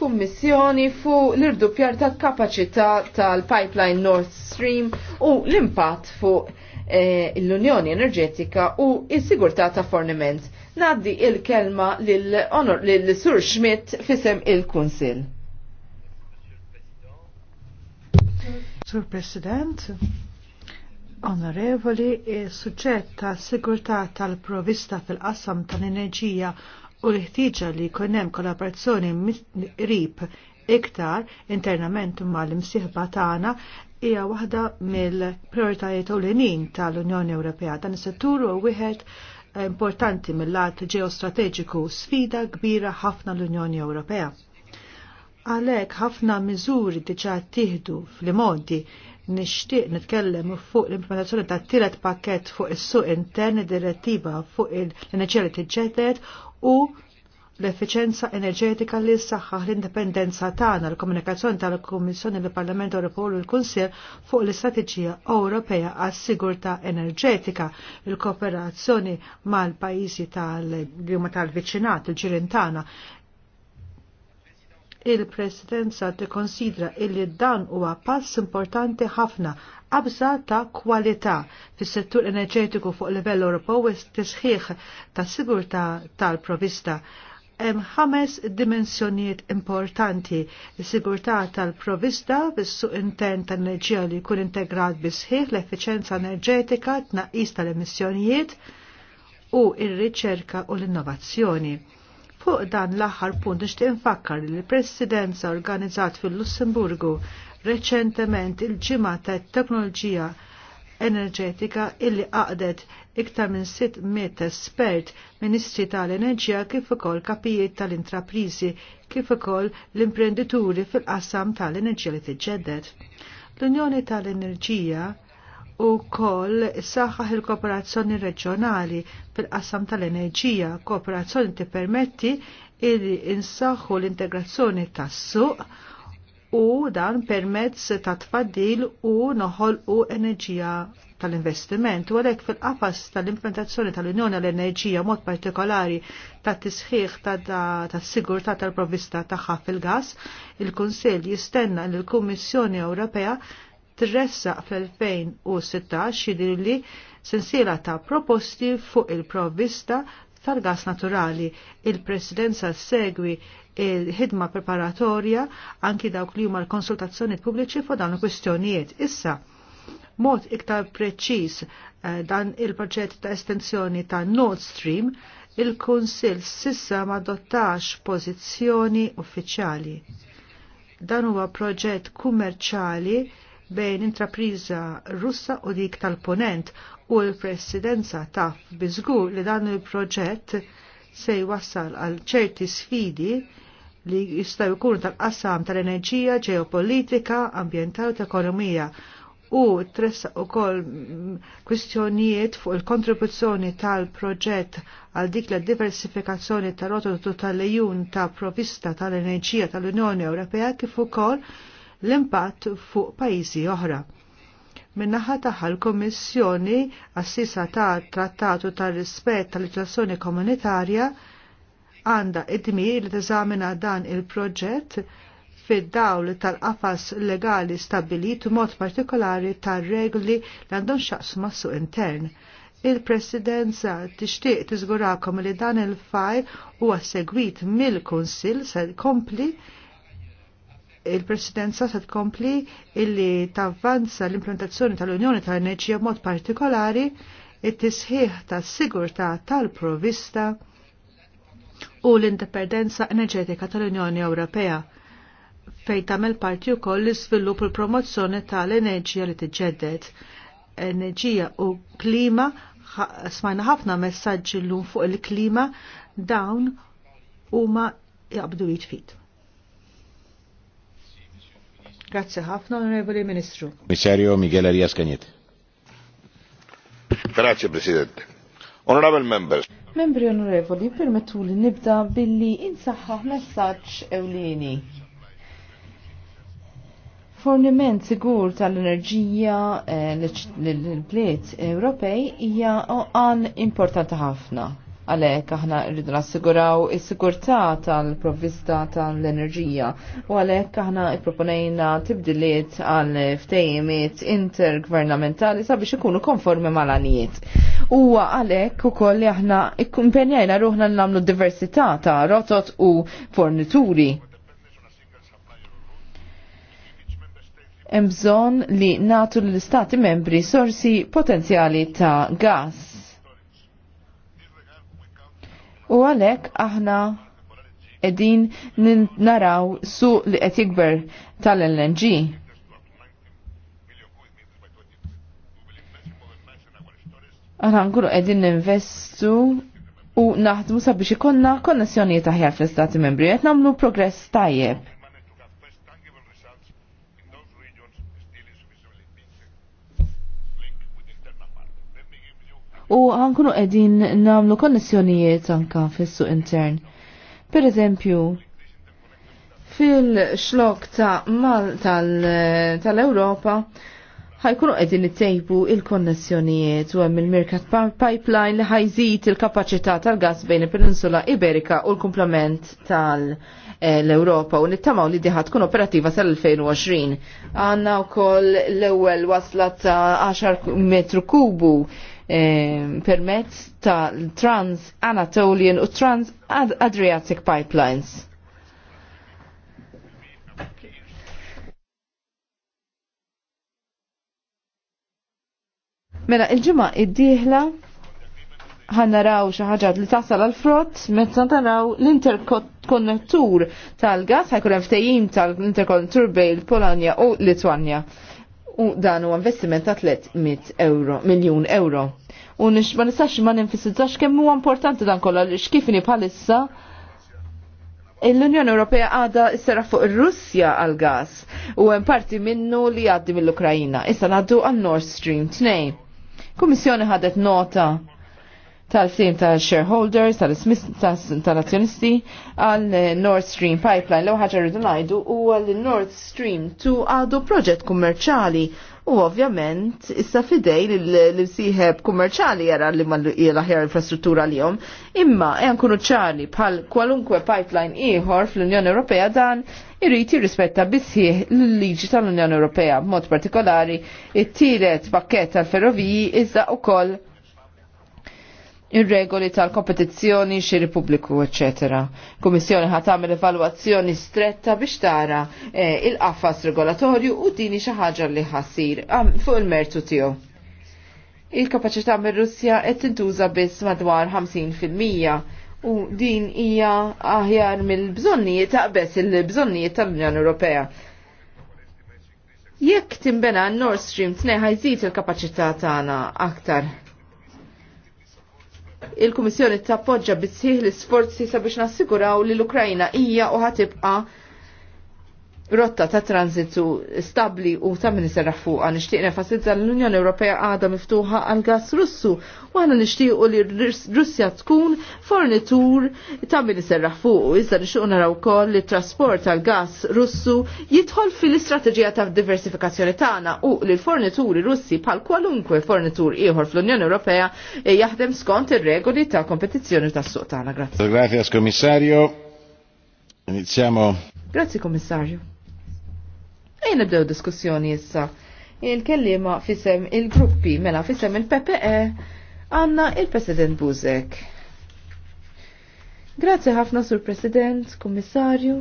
kummissjoni fuq l-irdupjar ta' kapacità tal-pipeline North Stream u l-impatt fuq eh, l-Unjoni Enerġetika u s-sigurtà ta' forniment. Naddi il-kelma l sur Schmidt fisem il-Kunsil. Sur President, Onorevoli, il-suġġett sigurtà tal-provista fil-qassam tal-enerġija u l-ħtiġa li jkun hemm kollaborazzjoni qrib iktar internament mal-imsieħba tagħna hija waħda mill-prioritajiet ewlenin tal-Unjoni Ewropea. Dan is-settur huwa wieħed importanti mill-lat ġeostrateġiku sfida kbira ħafna l-Unjoni Ewropea. Għalhekk ħafna miżuri diġà tieħdu fl-modi nixtieq nitkellem fuq l-implementazzjoni ta' tielet pakket fuq is-suq intern id direttiva fuq il-enerġija li u l-efficienza enerġetika li s-saxħa l-indipendenza tagħna l-komunikazzjoni tal-Kummissjoni l parlament Ewropew u l-Kunsill fuq l-Istrateġija Ewropea għas-sigurtà enerġetika, il-kooperazzjoni mal-pajjiżi tal-huma tal-viċinat il-ġirien tagħna. Il-Presidenza tikkonsidra illi dan huwa pass importanti ħafna qabża ta' kwalità fis-settur enerġetiku fuq livell Ewropew u tisħiħ ta' sigurtà tal-provista. Hemm ħames dimensjonijiet importanti is-sigurtà tal-provista fis-suq intern tal-enerġija li jkun integrat bisħiħ l-effiċenza enerġetika, tnaqqis tal-emissjonijiet u ir-riċerka u l-innovazzjoni. Fuq dan l-aħħar punt nixtieq infakkar li l-Presidenza organizzat fil-Lussemburgu reċentement il-ġimgħa tat-teknoloġija enerġetika illi għaqdet iktar minn 600 espert ministri tal-enerġija kif ukoll kapijiet tal-intraprizi kif ukoll l-imprendituri fil-qassam tal-enerġija li tiġġedded. L-Unjoni tal-Enerġija u koll saħħaħ il-kooperazzjoni reġjonali fil-qassam tal-enerġija. Kooperazzjoni tippermetti illi insaħħu l-integrazzjoni tas-suq u dan permezz ta' tfaddil u noħol u enerġija tal-investiment. U għalek fil-qafas tal-implementazzjoni tal-Unjoni l-enerġija mod partikolari ta' tisħiħ ta' sigurta tal-provista taħħa fil-gas, il-Konsil jistenna l-Kummissjoni Ewropea tressa fl-2016 jidilli sensiela ta' proposti fuq il-provvista tal-gas naturali. Il-presidenza segwi il-ħidma preparatorja anki dawk li huma l-konsultazzjoni pubbliċi fuq dawn il-kwistjonijiet. Issa, mod iktar preċiż eh, dan il-proġett ta' estensjoni ta' Nord Stream, il-Kunsill sissa ma dottax pożizzjoni uffiċjali. Dan huwa proġett kummerċali bejn intrapriża Russa u dik tal-Ponent u l-Presidenza taf biżgur li dan il-proġett se jwassal għal ċerti sfidi li jistaw ikun tal-qassam tal-enerġija, ġeopolitika, ambientali u ekonomija u tressa u kol kwistjonijiet fuq il-kontribuzzjoni tal-proġett għal dik la diversifikazzjoni tal rotot tal-lejun ta' provista tal-enerġija tal-Unjoni Ewropea kif ukoll kol l-impatt fuq pajjiżi oħra. Minnaħa taħħa l-Kommissjoni assisa ta' trattatu tar rispett tal-leġislazzjoni komunitarja għanda id li teżamina dan il-proġett fid-dawl tal-qafas legali stabilit mod partikolari tar-regli li għandhom xaqsu massu intern. Il-Presidenza tixtieq tiżgurakom li dan il-fajl huwa segwit mill-Kunsill se kompli il-presidenza se tkompli illi tavvanza l-implementazzjoni tal-Unjoni tal-Enerġija b'mod partikolari it-tisħiħ tas-sigurtà tal-provista u l-indipendenza enerġetika tal-Unjoni Ewropea fejn tagħmel parti wkoll l-iżvilupp u l-promozzjoni tal-enerġija li tiġġedded. Enerġija u klima smajna ħafna messaġġi llum fuq il-klima dawn huma jaqbdu jitfit. Grazie ħafna, Onorevoli Ministru. Commissario Miguel Arias Cagnet. Grazie, Presidente. Onorable Members. Membri onorevoli, permettu li nibda billi insaħħa messaġġ ewlieni. Forniment sigur tal-enerġija eh, l bliet Ewropej hija għan importanti ħafna Għalhekk aħna rridu nassiguraw is-sigurtà tal-provvista tal-enerġija u għalhekk aħna ipproponejna tibdiliet għal ftejimiet intergvernamentali sabiex ikunu konformi mal-għanijiet. Huwa għalhekk ukoll li aħna ikkumpenjajna ruħna nagħmlu diversità ta' rotot u fornituri. hemm bżonn li natu l istati membri sorsi potenzjali ta' gas U għalek aħna edin naraw su li qed jikber tal-LNG. Aħna nkunu qegħdin ninvestu u naħdmu sabiex ikonna konnessjonijiet aħjar fl-Istati Membri qed nagħmlu progress tajjeb. u għankunu qegħdin nagħmlu konnessjonijiet anka fis-suq intern. Per eżempju, fil-xlok ta' Mal tal-Europa ħajkunu ħajkunu qegħdin tejbu il-konnessjonijiet u hemm il-Mirkat Pipeline li ħajżit il-kapaċità tal-gas bejn il-Peninsula Iberika u l-komplement tal-Europa u nittamaw li diħat tkun operattiva sal-2020. Għanna wkoll l-ewwel wasla ta' 10 metru kubu Ehm, permezz ta' Trans Anatolian u Trans Adriatic Pipelines. Mela, il-ġimma id-dieħla ħannaraw xi ħaġa li tasal għal frott meta taraw l-interkonnettur tal-gas ħajkur ftejim tal-interkonnettur bejn Polonja u Litwanja u dan u investiment ta' 300 euro, miljon euro. U nix ma nistax ma ninfisizzax kemm huwa importanti dan kollha li x'kifini bħalissa l-Unjoni Ewropea għada s-sera fuq ir-Russja għal gas u hemm parti minnu li għaddi mill-Ukrajina. Issa għaddu għal Nord Stream 2. Kummissjoni ħadet nota tal-sim tal-shareholders, tal tal-nazjonisti għal eh, Nord Stream Pipeline. Lew ħagġa rridu najdu u għal Nord Stream 2 għadu proġett kummerċali u ovvjament issa fidej l siħeb kummerċali jara li ma l-ħjar infrastruttura li jom, imma għan kunu ċari bħal kwalunkwe pipeline iħor fl-Unjoni Ewropea dan irriti jirrispetta bisħieħ l-liġi tal-Unjoni Ewropea, b'mod partikolari it tiret pakket tal-ferroviji iżda u koll ir-regoli tal-kompetizzjoni xiri pubbliku, ecc. Kummissjoni ħat tagħmel evalwazzjoni stretta biex tara eh, il-qafas regolatorju u dini xi ħaġa li ħassir fuq il-mertu tiegħu. Il-kapaċità mir-Russja qed tintuża biss madwar 50% u din hija aħjar mill-bżonnijiet taqbess il-bżonnijiet tal-Unjoni Ewropea. Jekk timbena Nord Stream 2 ħajżid il-kapaċità tagħna aktar il-Kummissjoni tappoġġa bisħiħ l-isforzi sabiex nassiguraw li l-Ukrajna hija u ħatibqa' rotta ta' tranzitu stabli u ta' min serraħ fuqa. Nishtiq nefasilza l-Unjoni Ewropea għadha miftuħa għal gas Russu u għana u li Russja tkun fornitur ta' min serraħ fuq. izda nixtiq naraw kol li trasport għal gas Russu jidħol fil-istrateġija ta' diversifikazzjoni tagħna u li l-fornituri Russi bħal kwalunkwe fornitur ieħor fl-Unjoni Ewropea jaħdem skont ir-regoli ta' kompetizzjoni tas-suq tagħna. Grazie. Grazie, Kommissario. Iniziamo. Grazie, Commissario. Ejn nibdew diskussjoni issa. Il-kellima fisem il-gruppi mela fisem il-PPE għanna il-President Buzek. Grazie ħafna sur President, Kommissarju.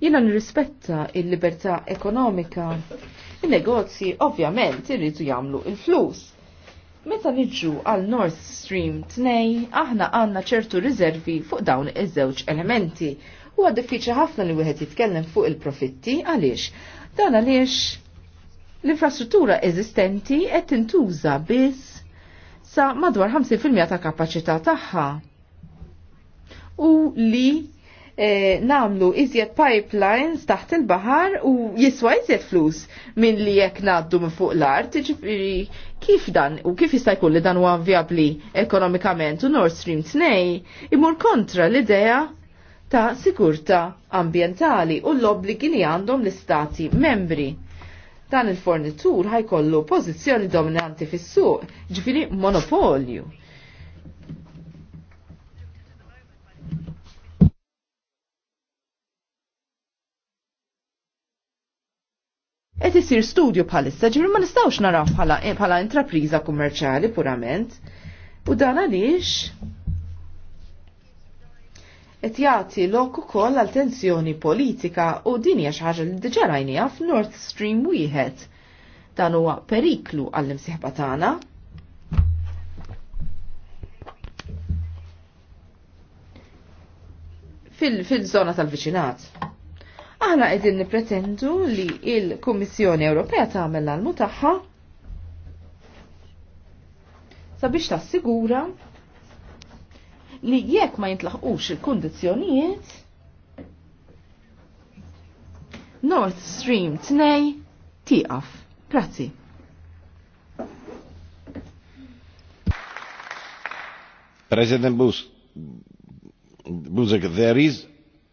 Jina nirrispetta il-libertà ekonomika. Il-negozji ovvjament irridu jagħmlu il-flus Meta niġu għal Nord Stream 2, aħna għanna ċertu riservi fuq dawn iż-żewġ elementi. Huwa diffiċli ħafna li wieħed jitkellem fuq il-profitti għaliex. Dan għaliex l-infrastruttura eżistenti qed tintuża biss sa madwar 50% ta' kapaċità tagħha. U li Eh, namlu iżjed pipelines taħt il-bahar u jiswa iżjed flus minn li jekk naddu minn fuq l-art, jiġifieri kif dan u kif jista' jkun li dan huwa vjabli ekonomikament u Nord Stream 2 imur kontra l-idea ta' sigurta ambientali u l-obbligi li għandhom l-istati membri dan il-fornitur ħajkollu pożizzjoni dominanti fis-suq, ġifiri monopolju. qed isir studju bħalissa ġivri ma nistgħux naraw bħala bħala intrapriża kummerċjali purament. U dan għaliex qed jagħti lok ukoll għal tensjoni politika u din hija xi ħaġa li diġà għaf f'North Stream wieħed. Dan huwa periklu għall imsihba tagħna. fil-zona fil zona tal viċinat Aħna qegħdin nippretendu li il-Kummissjoni Ewropea tagħmel l-almu tagħha sabiex tassigura li jekk ma jintlaħqux il-kundizzjonijiet North Stream 2 tiqaf. Grazzi. President Buzek, there is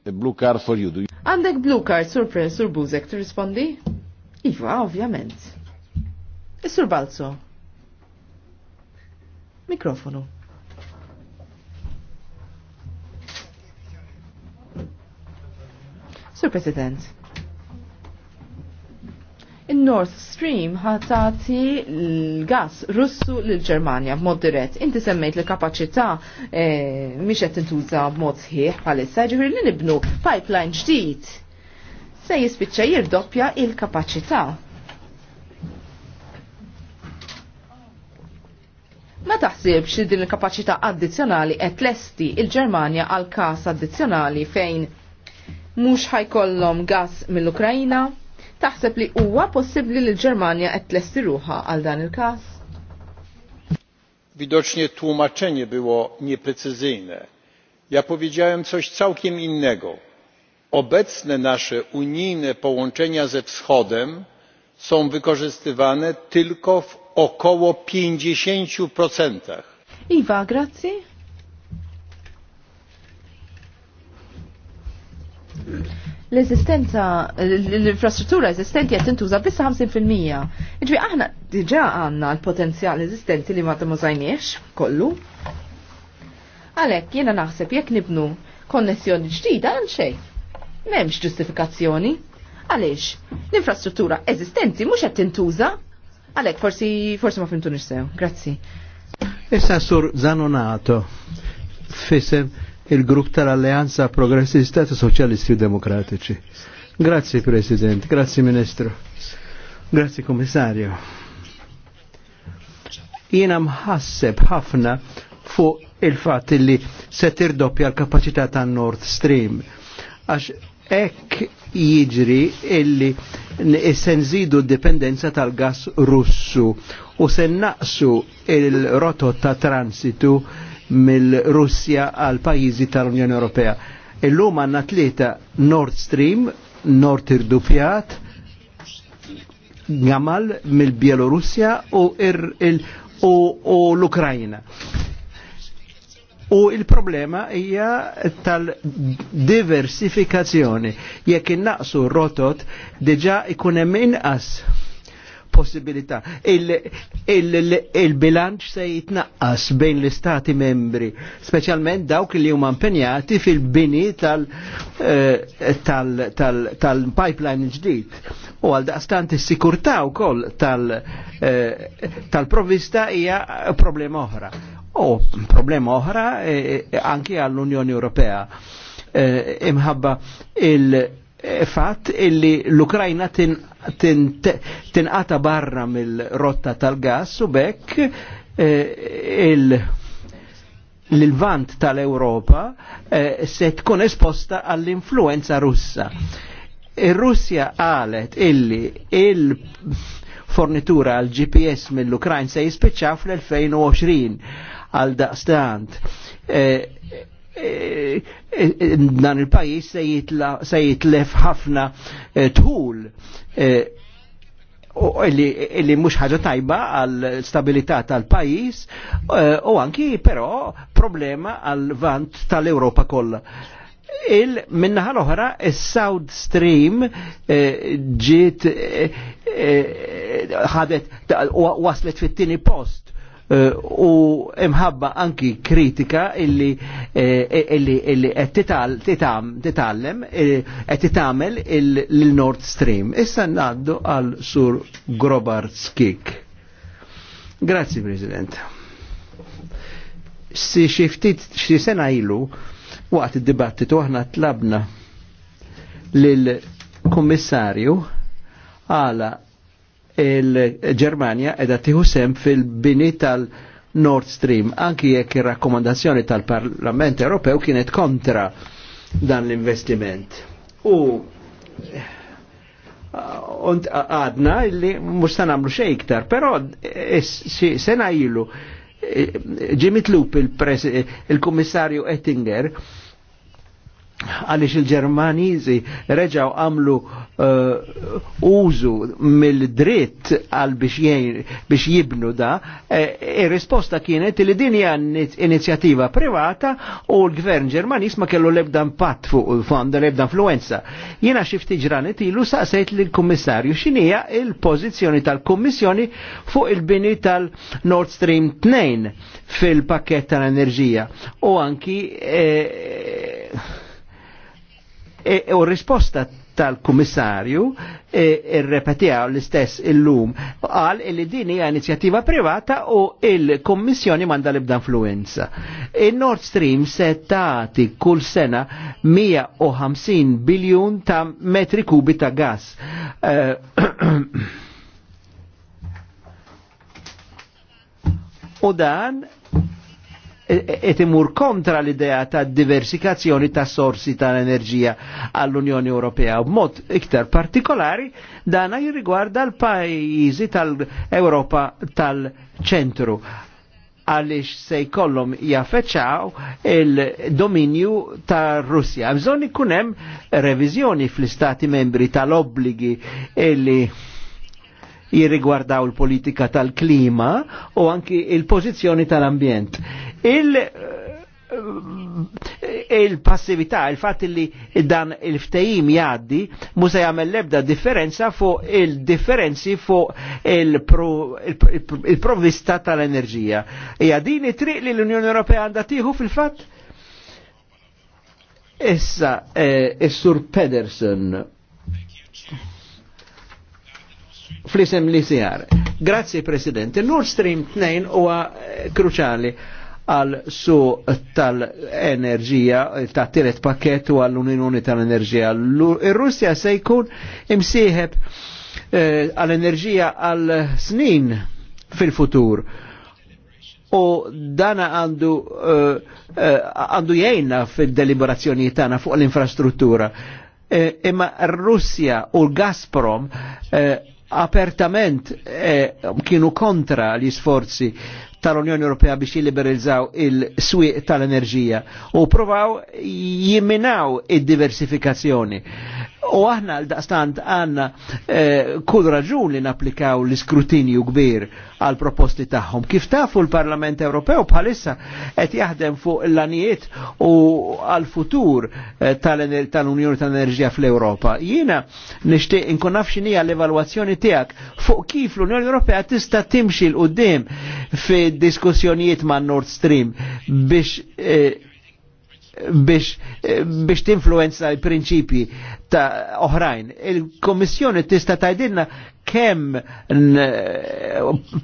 a blue card for you. Do you Għandek blue card, sur pre, sur buzek, tirrispondi? Iva, ovvjament. Is-sur e balzo. Mikrofonu. Sur President il-North Stream ħatati l-gas russu l-Germania b'mod dirett. Inti semmejt li kapacità e, eh, miex qed tintuża b'mod sħiħ bħalissa ġifieri li nibnu pipeline ġdid se jispiċċa jirdoppja il-kapaċità. Ma taħsibx li din il-kapaċità addizzjonali qed lesti il-Ġermanja għal każ addizzjonali fejn mhux ħajkollhom gas mill-Ukrajna? Taħseb li huwa possibbli li l-Ġermanja qed tlesti ruħa għal dan il-każ? Widocznie tłumaczenie było nieprecyzyjne. Ja powiedziałem coś całkiem innego. Obecne nasze unijne połączenia ze wschodem są wykorzystywane tylko w około 50%. Iwa, grazie l-eżistenza, l-infrastruttura eżistenti qed tintuża biss 50%. Iġvi aħna diġà għandna l-potenzjal eżistenti li ma mużajniex kollu. Għalhekk jiena naħseb jekk nibnu konnessjoni ġdida għan xejn. M'hemmx ġustifikazzjoni. Għaliex, l-infrastruttura eżistenti mhux qed tintuża. Għalhekk forsi forsi ma fimtunix sew. Grazzi. Issa sur Zanonato fisem il-grupp tal-Alleanza Progressista ta' Soċjalisti Demokratiċi. Grazzi President, grazzi Ministru, grazzi Komissarju. Jiena mħasseb ħafna fuq il-fatt li se tirdoppja l-kapacità ta' Nord Stream. Għax ek jiġri illi se nżidu d-dipendenza tal-gas russu u se naqsu il-rotot ta' transitu mill-Russja għal pajjiżi tal-Unjoni Ewropea. Illum għandna tlieta Nord Stream, Nord irdupjat, Gamal mill-Bielorussja u, u, u l-Ukrajna. U il-problema hija tal-diversifikazzjoni. Jekk innaqsu rotot, diġà ikun hemm inqas possibilità. Il-bilanċ se jitnaqqas bejn l-istati membri, specialment dawk li huma impenjati fil-bini eh, tal-pipeline ġdid. U għal daqstant is-sikurtà wkoll eh, tal-provvista hija problema oħra. U problema oħra eh, anki għall-Unjoni Ewropea imħabba il- fatt illi l-Ukrajna tinqata barra mill-rotta tal-gas u bekk eh, l-vant tal-Europa eh, se tkun esposta għall-influenza russa. Ir-Russja qalet illi il fornitura għal GPS mill-Ukrajn se jispiċċa fl-2020 għal daqstant. Eh, E, e, e, dan il-pajis se jitlef ħafna tħul illi mhux ħaġa tajba għal stabilità tal-pajis u anki però problema għal vant tal-Europa kollha. Il ħal oħra is-South Stream ġiet ħadet waslet fit-tieni post Eh, u imħabba anki kritika illi eh, eh, titallem, qed titamel il-Nord Stream. Issa ngħaddu għal Sur Grobarskik. Grazzi, President. Si xiftit xi sena ilu waqt id-dibattitu aħna tlabna lill-Kummissarju għala il-Germania edha tiħu sem fil-bini tal-Nord Stream, anki jekk il rakkomandazzjoni tal-Parlament Ewropew kienet kontra dan l-investiment. U und eh, għadna illi mustan għamlu xej iktar, pero eh, sena ilu ġimit eh, lup il-komissarju Ettinger għalix il-Ġermaniżi reġaw għamlu uh, użu mill-dritt għal biex jibnu da, ir-risposta e, e kienet li din hija inizjattiva privata u l-gvern Ġermaniż ma kellu lebda impatt fuq il-fond, lebda influenza. Jiena xi ftit ġranet ilu saqsejt lill-Kummissarju x'inija il-pożizzjoni tal-Kummissjoni fuq il-bini tal-Nord Stream 2 fil-pakket tal-enerġija u anki e, E, e, u risposta tal-kummissarju irrepetijaw e, e l-istess illum għal li din hija inizjattiva privata u il-Kommissjoni manda l-ibda influenza. Il-Nord Stream se tagħti kull sena 150 biljun ta' metri kubi ta' gas. E, u dan et imur kontra l-idea ta' diversifikazzjoni ta' sorsi tal-enerġija għall-Unjoni Ewropea. B'mod iktar partikolari dana jirrigwarda l-pajjiżi tal-Ewropa tal-ċentru għalix se jkollhom jaffeċċaw il-dominju ta' Russja. Bżonn ikun hemm reviżjoni fl-istati membri tal-obbligi illi jirrigwardaw il-politika tal-klima u anki il-pożizzjoni tal-ambjent. Eh, il-passività, il il-fat li dan il ftajim jaddi, musa jgħamil lebda differenza fuq il-differenzi fuq il-provvista il differenzi fuq il provvista tal enerġija Ija triq li l-Unjoni Ewropea għandha tieħu fil fat Issa, eh, is-Sur Pedersen, Flisem li sijar. Grazie, Presidente. Nord Stream 2 huwa eh, kruċali għal su tal-enerġija, ta' tiret pakket u għall-Unjoni tal-Enerġija. Ir-Russja se jkun imsieħeb eh, għall-enerġija għal snin fil-futur. U dana għandu eh, eh, għandu jgħajna fil-deliberazzjoni tagħna fuq l-infrastruttura. Imma Russja u l-Gazprom apertament kienu kontra l-isforzi tal-Unjoni Ewropea biex jiliberalizzaw il-swieq tal-enerġija u provaw jiminaw id-diversifikazzjoni. U aħna l-daqstant għanna eh, kull raġun li naplikaw l-iskrutinju kbir għal proposti tagħhom. Kif tafu l-Parlament Ewropew bħalissa qed jaħdem fuq l-anijiet u għal futur eh, tal-Unjoni tal-Enerġija fl-Ewropa. Jiena nixtieq inkun naf x'inhija l-evalwazzjoni tiegħek fuq kif l-Unjoni Ewropea tista' timxi l qudiem fid-diskussjonijiet ma' Nord Stream biex eh, biex, biex tinfluenza l-prinċipji ta' oħrajn. Il-Komissjoni tista' tajdilna kemm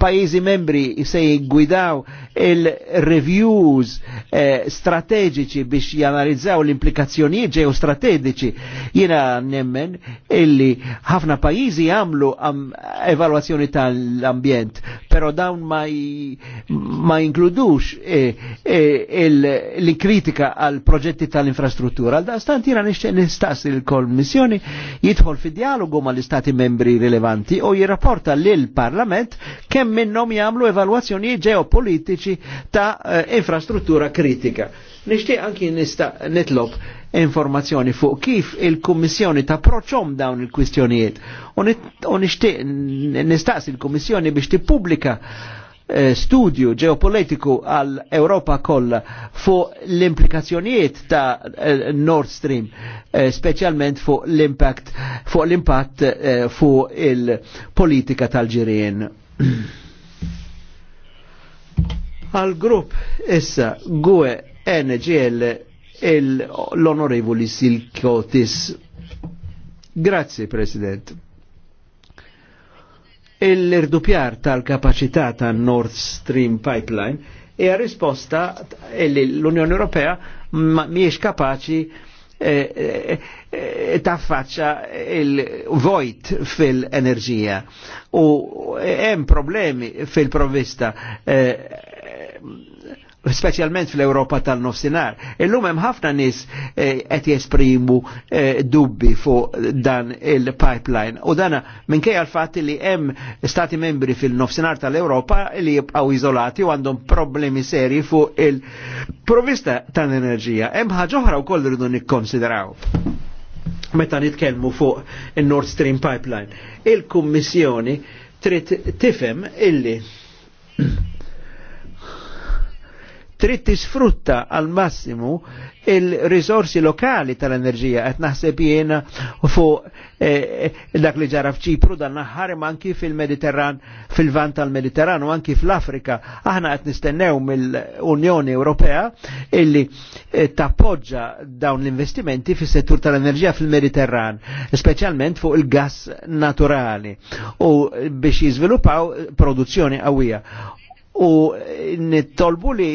pajjiżi membri se jiggwidaw il-reviews eh, strateġiċi biex janalizzaw l-implikazzjonijiet ġew strateġiċi. Jiena nemmen illi ħafna pajjiżi għamlu evalwazzjoni tal-ambjent, però dawn ma, ma jinkludux eh, eh, l-kritika għal proġetti tal-infrastruttura. Għal dastant stant jiena nistaqsi il-kolm il-Kommissjoni jidħol fi dialogu mal istati membri rilevanti u jirrapporta lil parlament kemm minnhom jagħmlu evalwazzjoni ġeopolitiċi ta' eh, infrastruttura kritika. Nixtieq anki nista' nitlob informazzjoni fuq kif il-Kummissjoni ta' proċom dawn il-kwistjonijiet u nixtieq nistaqsi il-Kummissjoni biex tippubblika Eh, studju ġeopolitiku għal Europa kollha fuq l-implikazzjonijiet ta' eh, Nord Stream, eh, specialment fuq l impact fuq l-impatt fuq il-politika tal-ġirien. għal grupp issa GUE NGL l-onorevoli Silkotis. Grazie President l-irdupjar tal-kapacità ta' Nord Stream Pipeline e a risposta l-Unjoni Ewropea mhijiex kapaċi eh, eh, eh, ta' e, il-vojt fil-enerġija u hemm problemi fil provvista specialment fl-Europa tal-nofsinar. Illum hemm ħafna nis eh, qed jesprimu eh, dubbi fuq dan il-pipeline. U dana minkejja l-fatt li hemm stati membri fil-nofsinar tal-Europa li jibqgħu iżolati u għandhom problemi seri fuq il-provista tal-enerġija. Hemm ħaġa oħra wkoll rridu nikkonsidraw meta nitkellmu fuq il-Nord Stream Pipeline. Il-Kummissjoni trid tifhem illi trid tisfrutta għal massimu il-risorsi lokali tal-enerġija qed naħseb jiena fuq eh, dak li ġara f'Ċipru dan naħħarem anki fil-Mediterran fil-vant tal-Mediterran u anki fl-Afrika aħna qed nistennew mill-Unjoni Ewropea illi eh, tappoġġa dawn l-investimenti fis-settur tal-enerġija fil-Mediterran, speċjalment fuq il gass naturali u biex jiżviluppaw produzzjoni qawwija u nittolbu li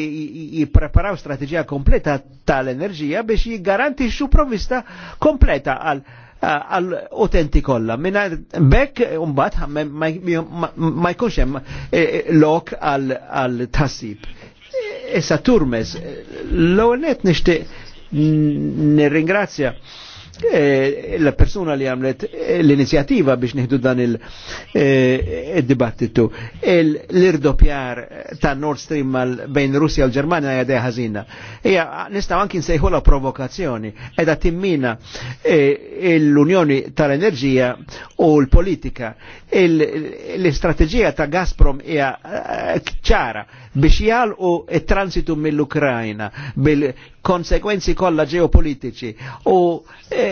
jippreparaw strategija kompleta tal-enerġija biex jiggarantixxu provvista kompleta għal għal utenti kollha. Minna bekk mbagħad ma jkunx hemm e, e, lok għal tassib. E, issa turmes, l-ewwel nixtieq nirringrazzja. Ne Eh, la persuna li għamlet eh, l-inizjativa biex nieħdu dan eh, il-dibattitu. L-irdopjar ta' Nord Stream bejn Russja u l germania għadja dejja Ija, nistaw nistgħu anki nsejħulha provokazzjoni qiegħda timmina l-Unjoni tal-Enerġija u l-politika. l istrategija ta' Gazprom hija ċara biex jgħalqu il transitu mill-Ukrajna konsekwenzi kollha ġeopolitiċi u e,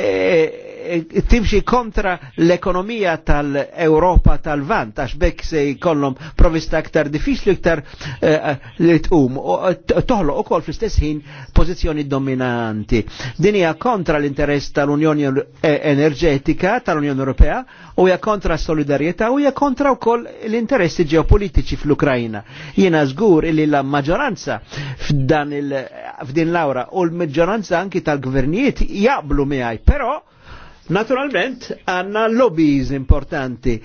Eh, timxi kontra l-ekonomija tal-Europa tal-Vant, għax bekk se jkollhom provista aktar diffiċli iktar eh, li tqum, u eh, koll fl-istess ħin pożizzjoni dominanti. Din hija kontra l-interess tal-Unjoni e-, Enerġetika tal-Unjoni Ewropea u hija kontra solidarjetà u hija kontra wkoll l-interessi ġeopolitiċi fl-Ukrajna. Jiena żgur li la maġġoranza f'dan il f'din l-awra u l-maġġoranza anki tal-gvernijiet jaqblu miegħi, però Naturalment għanna lobbies importanti,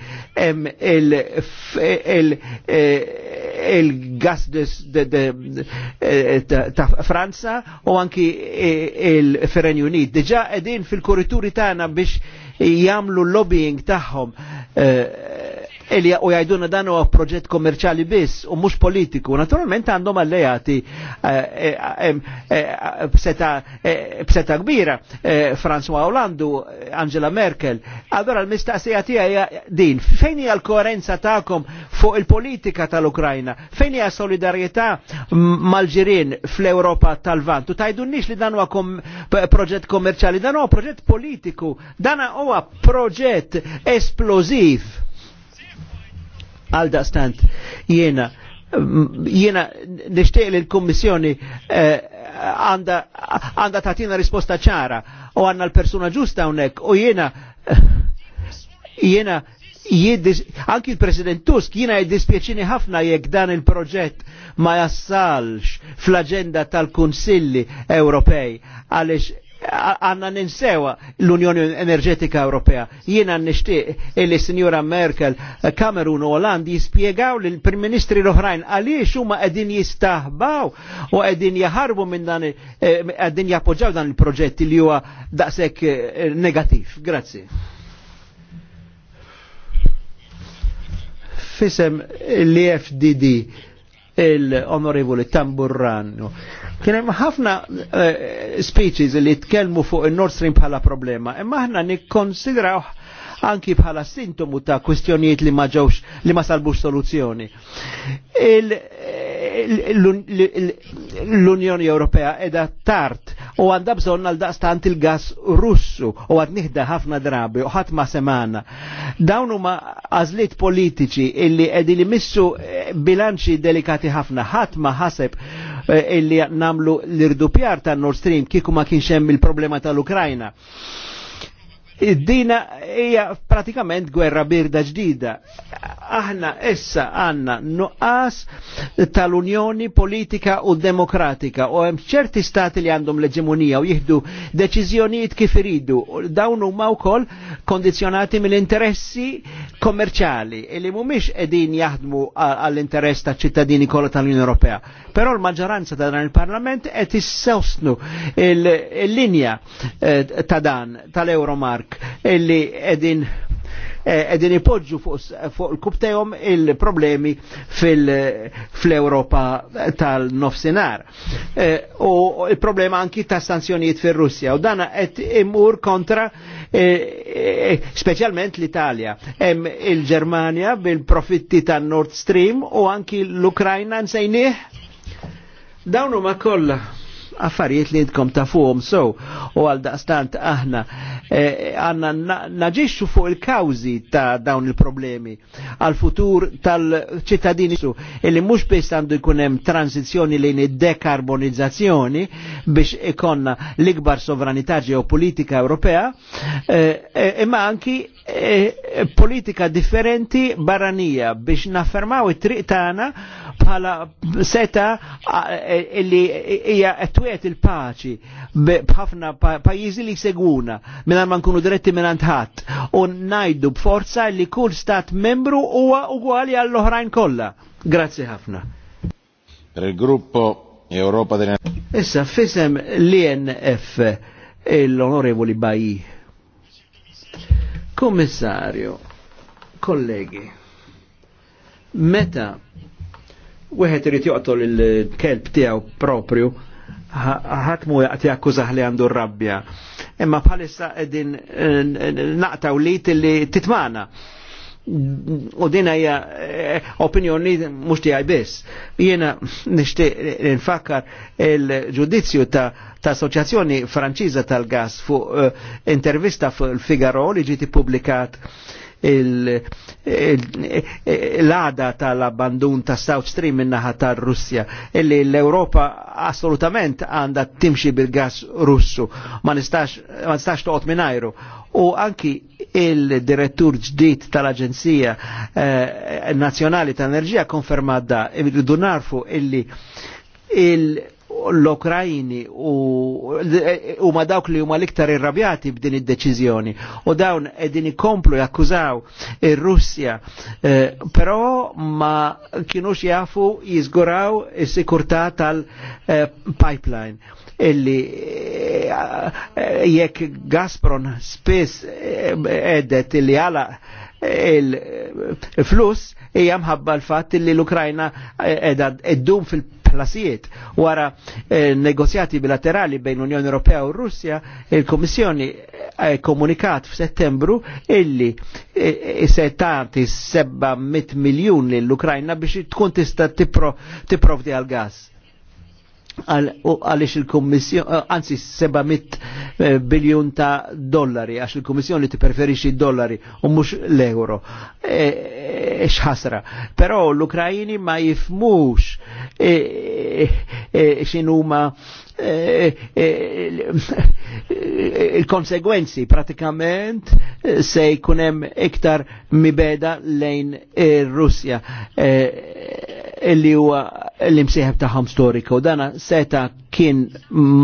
il-gas eh, eh, ta' Franza u anki eh, il-Feren Unit. Diġa edin fil-kurituri tagħna biex jamlu lobbying tagħhom. Eh, Elija u jajduna dan huwa proġett kommerċali biss u mhux politiku. Naturalment għandhom għallejati eh, eh, eh, b'seta kbira François Hollandu, Angela Merkel. Allora l-mistaqsija tiegħi din, fejn hija l-koerenza tagħkom fuq il-politika tal-Ukrajna? Fejn hija solidarjetà mal-ġirien fl europa tal-Vant? U tajdunniex li dan huwa proġett kommerċali, dan huwa proġett politiku, dan huwa proġett esplosiv għal daqstant jiena jiena nishtiq li l-Kommissjoni eh, għanda tatina risposta ċara u għanna l-persuna ġusta unnek u jiena jiena anki l president Tusk jiena jiddispieċini ħafna jekk dan il-proġett ma jassalx fl-agenda tal-Kunsilli Ewropej għalix għanna ninsewa l-Unjoni Enerġetika Ewropea. Jiena nishtiq illi Sinjora Merkel, Kamerun u Oland jispiegaw lil prim ministri l-oħrajn għaliex huma qegħdin jistaħbaw u qegħdin jaħarbu minn dan e, qegħdin jappoġġaw dan il-proġett li huwa daqshekk e, negattiv. Grazzi. Fisem l-FDD il-onorevoli Tamburrano. Kienem ħafna speeches li tkellmu fuq il-Nord Stream bħala problema, imma ħna nikkonsidraw anki bħala sintomu ta' kwestjonijiet li ma ġewx li ma salbux soluzzjoni. L-Unjoni Ewropea edha tard u għandha bżonn għal daqstant il-gas russu u għad nihda ħafna drabi u ħadd ma semana. Dawn huma għażliet politiċi illi qegħdin missu eh, bilanċi delikati ħafna ħadd ma ħaseb eh, illi namlu l-irdupjar ta' Nord Stream kieku ma kienx hemm il-problema tal-Ukrajna Dina hija pratikament gwerra birda ġdida. Aħna issa għanna nuqqas tal-Unjoni Politika u Demokratika u hemm ċerti stati li għandhom l-eġemonija u jihdu deċiżjonijiet kif iridu. Dawn huma wkoll kondizjonati mill-interessi kommerċali e li mhumiex qegħdin jaħdmu għall-interess ta' ċittadini kollha tal-Unjoni Ewropea. Però l-maġġoranza ta' dan il-Parlament qed issostnu l linja eh, ta' dan tal-Euromark banek illi edin eh, edin ipoġġu fuq, fuq il-kubtejhom il-problemi fil europa tal-nofsinar. Eh, u il-problema anki ta' sanzjonijiet fil russja U dana et imur kontra eh, specialment l-Italja. Em il germania bil-profitti ta' Nord Stream u anki l-Ukrajna nsejnih. Dawnu ma kolla affarijiet li jidkom ta' fuqom so u għal daqstant aħna eh, għanna naġiċu fuq il-kawzi ta' dawn il-problemi għal futur tal-ċittadini su illi mux biss għandu jkunem transizjoni lejn id-dekarbonizzazzjoni biex ikonna l-ikbar sovranità ġeopolitika Ewropea eh, eh, imma anki politika differenti barranija biex naffermaw it-triq tagħna bħala seta e, illi hija qed il-paċi b'ħafna pajjiżi li seguna mingħajr ma nkunu diretti mingħand ħadd u ngħidu b'forza li kull stat membru huwa ugwali għall-oħrajn kollha. Grazzi ħafna. Per il gruppo Europa delle Issa fisem l-INF l-Onorevoli Baji. Commissario, kollegi, meta wieħed irid joqtol il-kelb tiegħu propju ħatmu jaqt jakkużah li għandu rabbja. Imma bħalissa qegħdin eh, naqtaw lit li titmana. U din hija eh, opinjoni mhux tiegħi biss. Jiena nixtieq nfakkar il-ġudizzju ta' ta' Assoċjazzjoni Franċiża tal-Gas fuq eh, intervista fil-Figaro li ġiet ippubblikat l-għada tal-abbandun ta' South Stream minnaħa tar russja illi l-Europa assolutament għanda timxi bil-gas russu ma nistax toqot minajru u anki il-direttur ġdid tal-Aġenzija eh, Nazzjonali tal-Enerġija konfermadda, id-dunarfu illi il- l-Okrajni u ma dawk li huma l-iktar irrabjati b'din id-deċiżjoni u dawn qegħdin ikomplu jakkużaw ir-Russja eh, però ma kienux jafu jiżguraw is-sikurtà tal-pipeline eh, illi eh, jekk Gazprom spiss eh, edet illi għala eh, il-flus eh, hija mħabba l-fatt li l-Ukrajna edha ddum fil- ħlasijiet. Wara eh, negozjati bilaterali bejn l-Unjoni Ewropea u Russja, il-Kommissjoni eh, komunikat f'Settembru illi eh, se tagħti 700 miljun lill-Ukrajna biex tkun tista' tipprovdi għal gas għalix il-Kommissjoni, eh, anzi 700 eh, biljon ta' dollari, għax il-Kommissjoni ti preferixi dollari u mux l-euro. Eh, xħasra. Pero Però l-Ukrajini ma jifmux e, xinuma il-konsegwenzi pratikament se jkunem iktar mibeda lejn Russja li huwa l-imsieħeb tagħhom storiku. Dana seta kien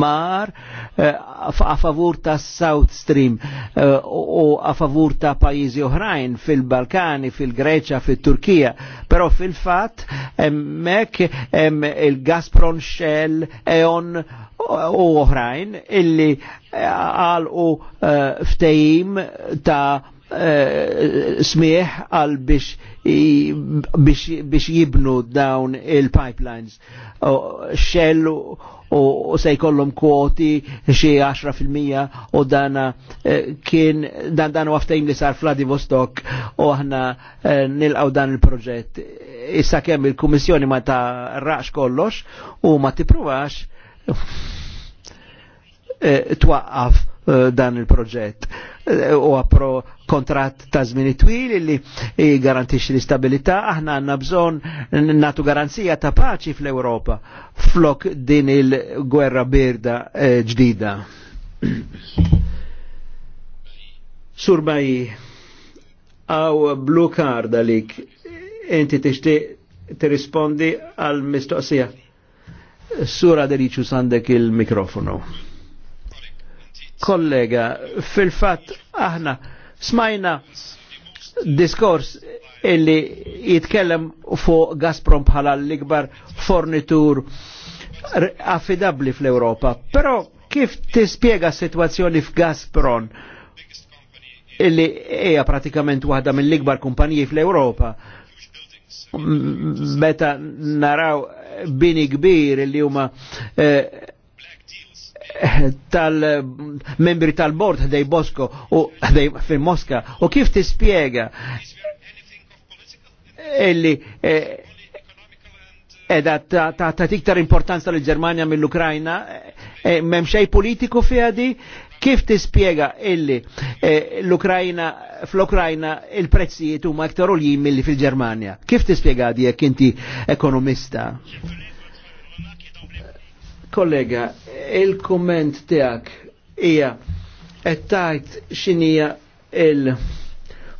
mar eh, a favur ta' South Stream eh, u a favur ta' pajjiżi oħrajn fil-Balkani, fil-Greċa, fil-Turkija, però fil-fatt hemmhekk il-Gazprom Shell, Eon u oħrajn illi eh, għal ftejim ta' Eh, smieħ għal biex jibnu dawn il-pipelines. Shell u se jkollhom kwoti xi 10% u dana eh, kien dan dan għaftajm li sar Vladivostok u aħna eh, nilqgħu dan il-proġett. Issa kemm il-Kummissjoni ma ta' rax kollox u ma tippruvax twaqqaf Eh, dan il-proġett. Eh, u għapro kontrat ta' żmien twil li garantixxi l-istabilità, aħna għandna bżon natu garanzija ta' paċi fl-Ewropa flok din il-gwerra birda eh, ġdida. Surbaji, għaw blu card għalik, enti tixtieq tirrispondi għal mistoqsija. Sura Deliċu sandek il mikrofono kollega, fil-fat aħna smajna diskors illi jitkellem fuq Gazprom bħala l-ikbar fornitur affidabli fl-Europa. Però kif tispiega situazzjoni f'Gazprom illi hija pratikament waħda mill-ikbar kumpaniji fl-Europa? Meta naraw bini kbir illi huma eh, tal-membri tal-bord ħdej Bosko u ħdej fil-Moska u kif tispjega illi eh, edha ta' ta' tiktar importanza l ġermanja mill-Ukrajna eh, eh, m'hemm xejn politiku fiha di kif tispjega illi l-Ukrajna fl-Ukrajna il-prezzijiet huma aktar oljin milli fil-Ġermanja. Kif tispjega di jekk inti ekonomista? Kollega, il-komment tiegħek hija qed tajt x'inija il-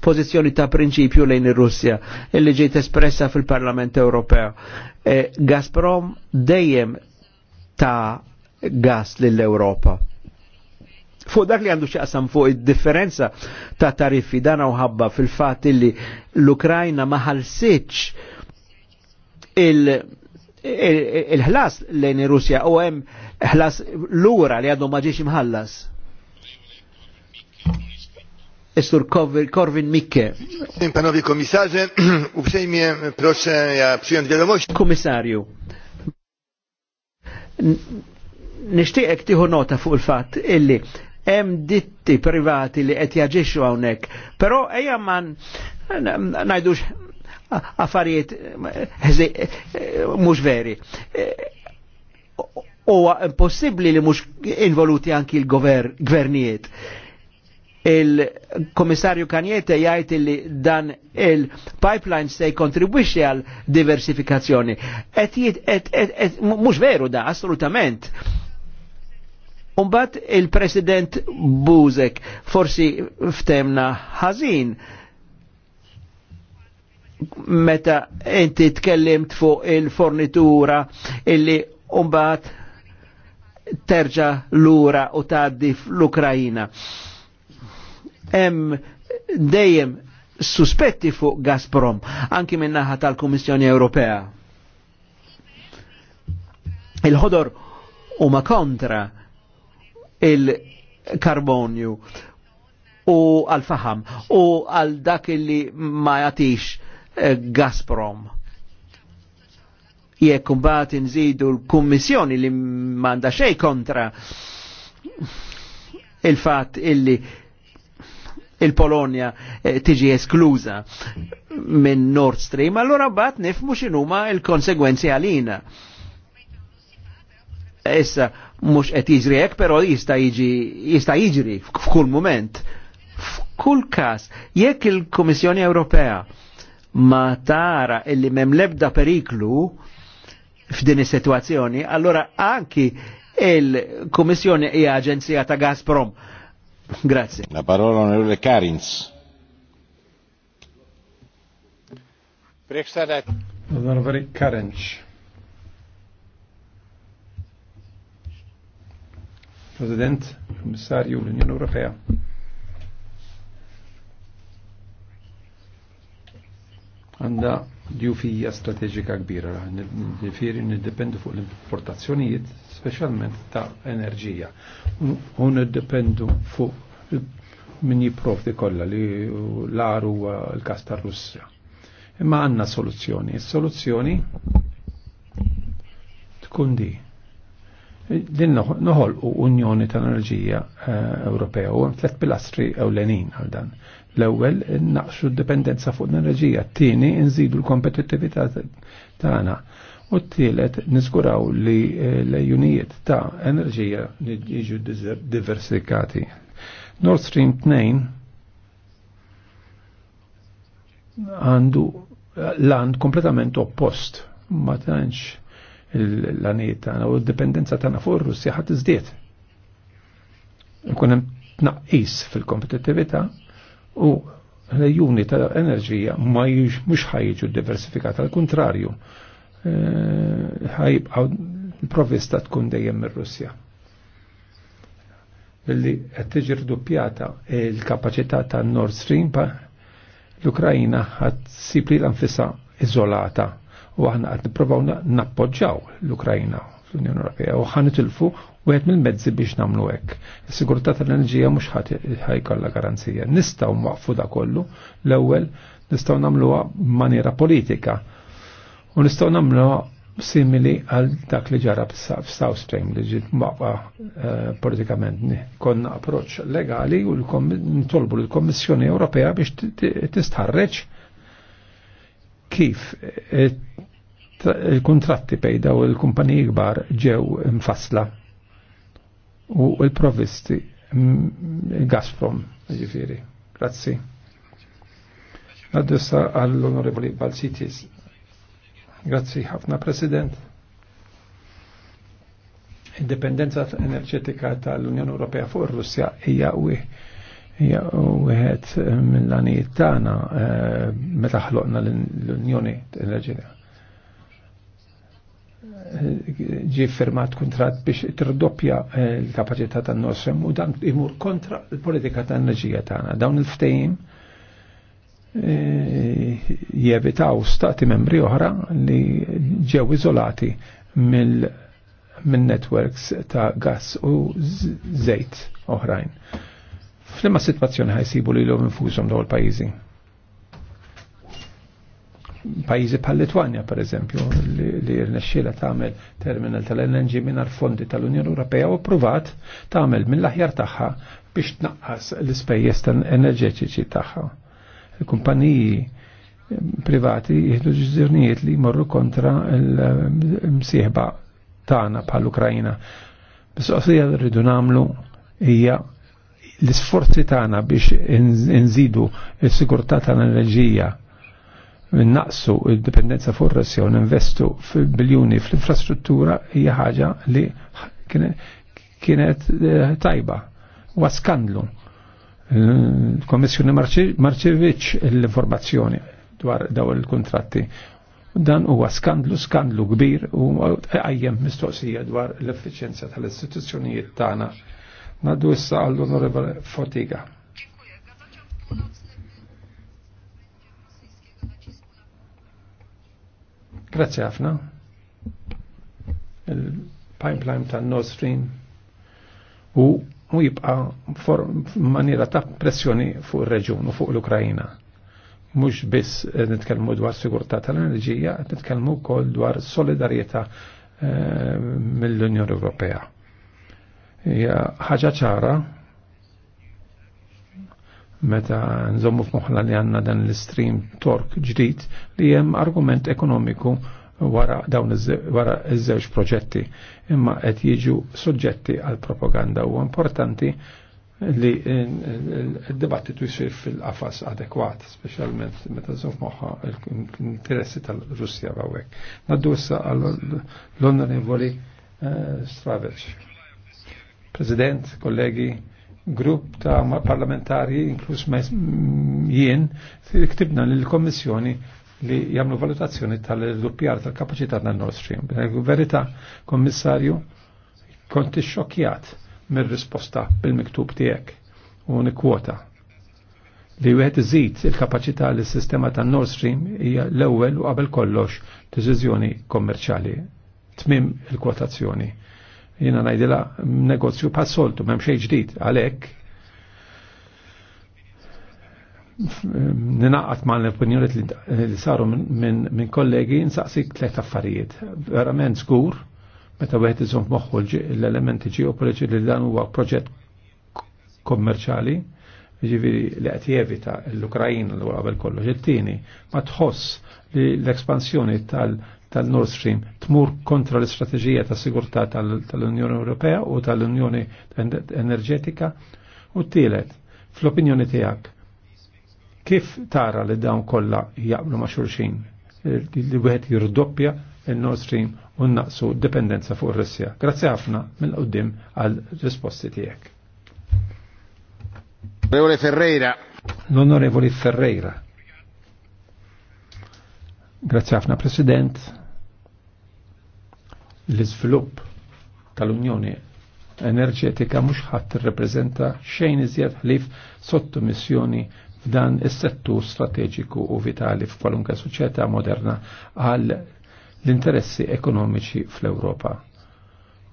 pożizzjoni ta' prinċipju lejn il russja li ġiet espressa fil-Parlament Ewropew. E, Gazprom dejjem ta' gas lill-Europa. Fuq dak li għandu xaqsam fuq id-differenza ta' tariffi dan ħabba fil-fat illi l-Ukrajna maħalsitx il- il-ħlas lejn ir-Russja u hemm ħlas lura li għadhom ma ġiex imħallas. Istur Korvin Mikke. Panowie komisarze, uprzejmie proszę ja przyjąć wiadomość. Komisarju, nishtiqek tiħu nota fuq il-fat illi hemm ditti privati li qed jaġixxu hawnhekk, però ejja man ngħidux affarijiet eh, mhux veri. Eh, huwa impossibbli li mhux involuti anki l-gvernijiet. Il-Komissarju Kanjete jgħid li dan il-pipeline se jkontribwixxi għal diversifikazzjoni. Mhux veru da, assolutament. Umbat il-President Buzek forsi ftemna ħażin meta inti tkellimt fuq il-fornitura illi umbat terġa l-ura u taddi fl-Ukrajina. Hemm dejjem suspetti fuq Gazprom, anki naħa tal-Komissjoni Ewropea. Il-ħodor huma kontra il-karbonju u għal-faham u għal dak li ma jatix Eh, Gazprom. Jekk mbagħad inżidu l-Kummissjoni li m'għandha xej kontra il-fatt illi il-Polonja eh, tiġi esklusa minn Nord Stream, allora bat nifmu x'inhuma l-konsegwenzi għalina. Issa mhux qed jiġri hekk, però jista' jiġi jista' jiġri f'kull moment. F'kull każ, jekk il-Kummissjoni Ewropea ma tara illi mem lebda periklu f'din is-sitwazzjoni, allora anki il-Kummissjoni hija aġenzija ta' Gazprom. Grazie. La parola onorevole Karins. Onorevole Karins. President, Commissario l Europea. għanda djufija strateġika kbira, nifiri niddependu fuq l-importazzjonijiet, specialment ta' enerġija. U niddependu fuq min jiprofdi kolla li l-aru l kasta Russja. Imma għanna soluzzjoni. Soluzzjoni tkun di. Din noħol u Unjoni tal Enerġija eh, Ewropea u tlet pilastri ewlenin għal dan. L-ewwel naqxu d-dipendenza fuq l-enerġija, t-tieni nżidu l-kompetittività tagħna. U t-tielet niżguraw li eh, l-ejjunijiet ta' enerġija jiġu diversifikati. Nord Stream 2 għandu eh, land kompletament oppost ma tantx l-għaniet tagħna u d-dipendenza tagħna fuq ir-Russja ħadd iżdied. Ikun hemm tnaqqis fil-kompetittività u l-juni tal-enerġija ma mux ħajġu diversifikata, al kontrarju eh, ħajibqaw provista tkun dejjem mir-Russja. Illi qed tiġi rduppjata l-kapaċità ta' Nord Stream l-Ukrajina ħadd sib li l-anfisa iżolata u aħna qed nippruvaw nappoġġaw l ukrajina fl-Unjoni Ewropea u ħanitilfu u għed mill-mezzi biex namlu hekk. Is-sigurtà tal-enerġija mhux ħajkollha garanzija. Nistgħu waqfu da kollu l-ewwel nistgħu nagħmluha b'maniera politika u nistgħu nagħmluha simili għal dak li ġara f'South Stream li ġiet maqwa eh, politikament konna approċ legali u ntolbu l-Kommissjoni Ewropea biex tistħarreġ kif il-kontratti pejda u l-kumpaniji kbar ġew mfasla u l-provisti mm, Gazprom, ġifiri. Grazzi. Għaddessa għall-Onorevoli Balsitis. Grazzi ħafna, President. Indipendenza enerġetika tal-Unjoni Ewropea fuq ir-Russja hija wieħed mill-għanijiet tagħna eh, meta ħloqna l-Unjoni Enerġetika ġi firmat kontrat biex tirdoppja eh, l-kapacità tan nosem u dan imur kontra l-politika tan enerġija tagħna. Dawn il-ftehim eh, jevitaw stati membri oħra li ġew izolati mill minn networks ta' gas u zejt oħrajn. F'limma situazzjoni ħajsibu li l-lum infushom dawn il-pajjiżi pajizi bħal Litwania, per eżempju li rnexxiela tagħmel terminal tal-LNG mingħajr fondi tal-Unjoni Ewropea u pruvat tagħmel mill-aħjar tagħha biex tnaqqas l-ispejjeż enerġetiċi tagħha. Il-kumpaniji eh, privati jieħdu ġizirnijiet li jmorru kontra l-msieħba tagħna bħall ukrajina Bis qosija li rridu nagħmlu hija l-isforzi tagħna biex inżidu s-sigurtà tal-enerġija naqsu il-dipendenza fuq Russja u ninvestu biljuni fl-infrastruttura hija ħaġa li kienet eh, tajba. Wa skandlu. Il-Kommissjoni Marċevitx l-informazzjoni dwar daw il-kontratti. Dan huwa skandlu, skandlu kbir u għajjem mistoqsija dwar l-effiċenza tal-istituzzjonijiet tagħna. Nadu issa għall-Onorevole Fotiga. Grazzi ħafna. Il-pipeline ta' Nord Stream u u jibqa maniera ta' pressjoni fuq il reġun u fuq l-Ukrajina. Mhux biss nitkelmu dwar sigurtà tal-enerġija, nitkelmu nitkellmu wkoll dwar solidarieta eh, mill-Unjoni Ewropea. Ja, ħagġa ċara meta nżommu f'moħħla li għanna dan l istream tork ġdid li hemm argument ekonomiku wara dawn wara iż-żewġ proġetti imma qed jiġu soġġetti għal propaganda u importanti li d-dibattitu jisir fil-qafas adekwat, specialment meta zof moħħa l-interessi tal-Russja għawek. Naddu issa l-onorevoli eh, Stravers. President, kollegi, grupp ta' parlamentari inkluż jien ktibna lill komissjoni li jagħmlu valutazzjoni tal-doppjar tal-kapaċità tal Nord Stream. Verità, Kommissarju, konti xokjat mir-risposta bil-miktub tiegħek u nikwota li wieħed iżid il-kapaċità li sistema ta' Nord Stream hija l-ewwel u qabel kollox deċiżjoni kommerċjali. Tmim il-kwotazzjoni. Jina najdila negozju pas-soltu memx xej ġdid, għalek ninaqat ma' l-opinjoni li saru minn kollegi nsaqsik tlet affarijiet. Verament zgur, meta wieħed iżomm moħħu l-elementi ġeopolitiċi li dan huwa proġett kommerċali, ġiviri li qed jevita l-Ukrajina l qabel kollox it-tieni, ma tħoss li l-espansjoni tal tal-Nord Stream tmur kontra l-istrateġija ta' sigurtà tal-Unjoni Ewropea u tal-Unjoni Enerġetika u t-tielet, fl-opinjoni tiegħek, kif tara li dawn kollha jaqblu ma' xulxin li wieħed jirdoppja il-Nord Stream u naqsu dipendenza fuq Russja. Grazzi ħafna mill-qoddim għal risposti tiegħek. Onorevole Ferreira. L'onorevole Ferreira. Grazie ħafna President l-iżvilupp tal-Unjoni enerġetika mhux ħadd irrepreżenta xejn iżjed sottu sottomissjoni f'dan is-settur strateġiku u vitali f'kwalunkwe soċjetà moderna għal l-interessi ekonomiċi fl-Ewropa.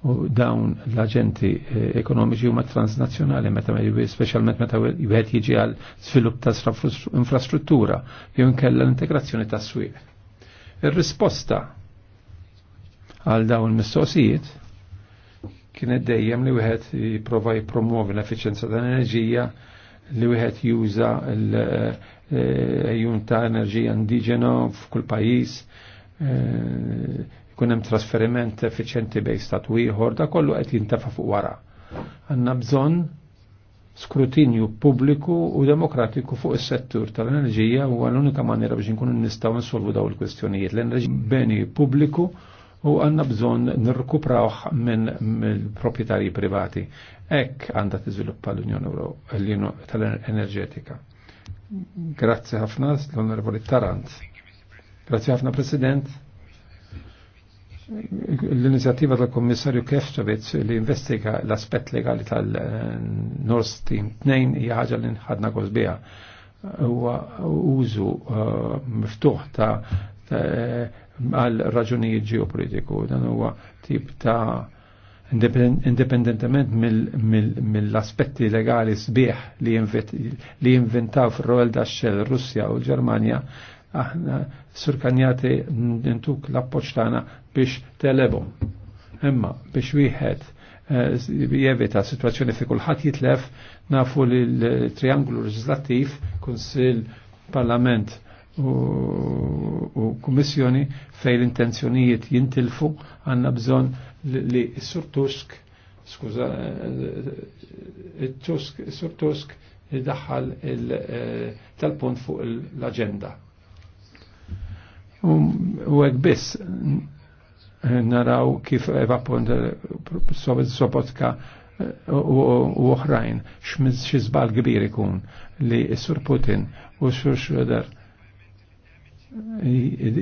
U dawn l-aġenti eh, ekonomiċi huma transnazzjonali meta speċjalment meta wieħed jiġi għal żvilupp ta' infrastruttura jew inkella l-integrazzjoni tas-swieq. Ir-risposta għal dawn mistoqsijiet kienet dejjem li wieħed jipprova jippromuovi l effiċjenza tal-enerġija li wieħed juża l-ejjun eh, ta' enerġija indiġena f'kull pajjiż eh, jkun hemm trasferiment effiċjenti bejn stat ieħor da kollu qed jintafa' fuq wara. Għandna bżonn skrutinju pubbliku u demokratiku fuq is-settur tal-enerġija huwa l-unika maniera biex inkunu nistgħu nsolvu daw il-kwestjonijiet. L-enerġija beni pubbliku u għanna bżon nirkupraw minn proprietarji privati. Ek għanda tiżviluppa l-Unjoni tal-Enerġetika. Grazzi ħafna l-Onorevoli Tarant. Grazzi ħafna President. L-inizjattiva tal-Kommissarju Kefċovic li investiga l-aspett legali tal-Nord Stream 2 hija ħaġa li nħadna għożbija huwa użu uh, miftuħ ta' għal raġunijiet ġeopolitiku. Dan huwa tip ta' indipendentement mill-aspetti legali sbieħ li jinventaw fil-Royal Dachshell, Russja u l-Ġermanja, aħna surkanjati nintuk l-appoċ tagħna biex telebhom. Imma biex wieħed eh, jevita situazzjoni fi kulħadd jitlef nafu li l trianglu leġislattiv kunsil parlament u kummissjoni fej l-intenzjonijiet jintilfu għanna bżon li s-sur Tusk, skuza, eh, eh, Tusk, sur Tusk daħħal eh, tal-punt fuq l-agenda. U għek biss naraw kif Eva Sobotka u oħrajn x'izbal gbir ikun li s-sur Putin u s-sur Schröder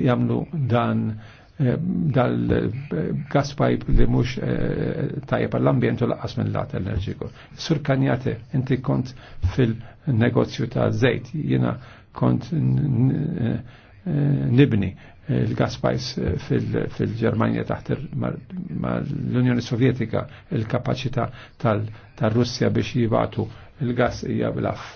jamlu dan eh, dal-gas eh, pipe li mux eh, tajjeb l ambjent u laqqas minn lat enerġiku. Sur kanjate, inti kont fil-negozju ta' zejt, jina kont nibni il-gas pipes fil-Germania taħt l-Unjoni Sovjetika il kapacita tal-Russja biex jibatu il-gas hija blaf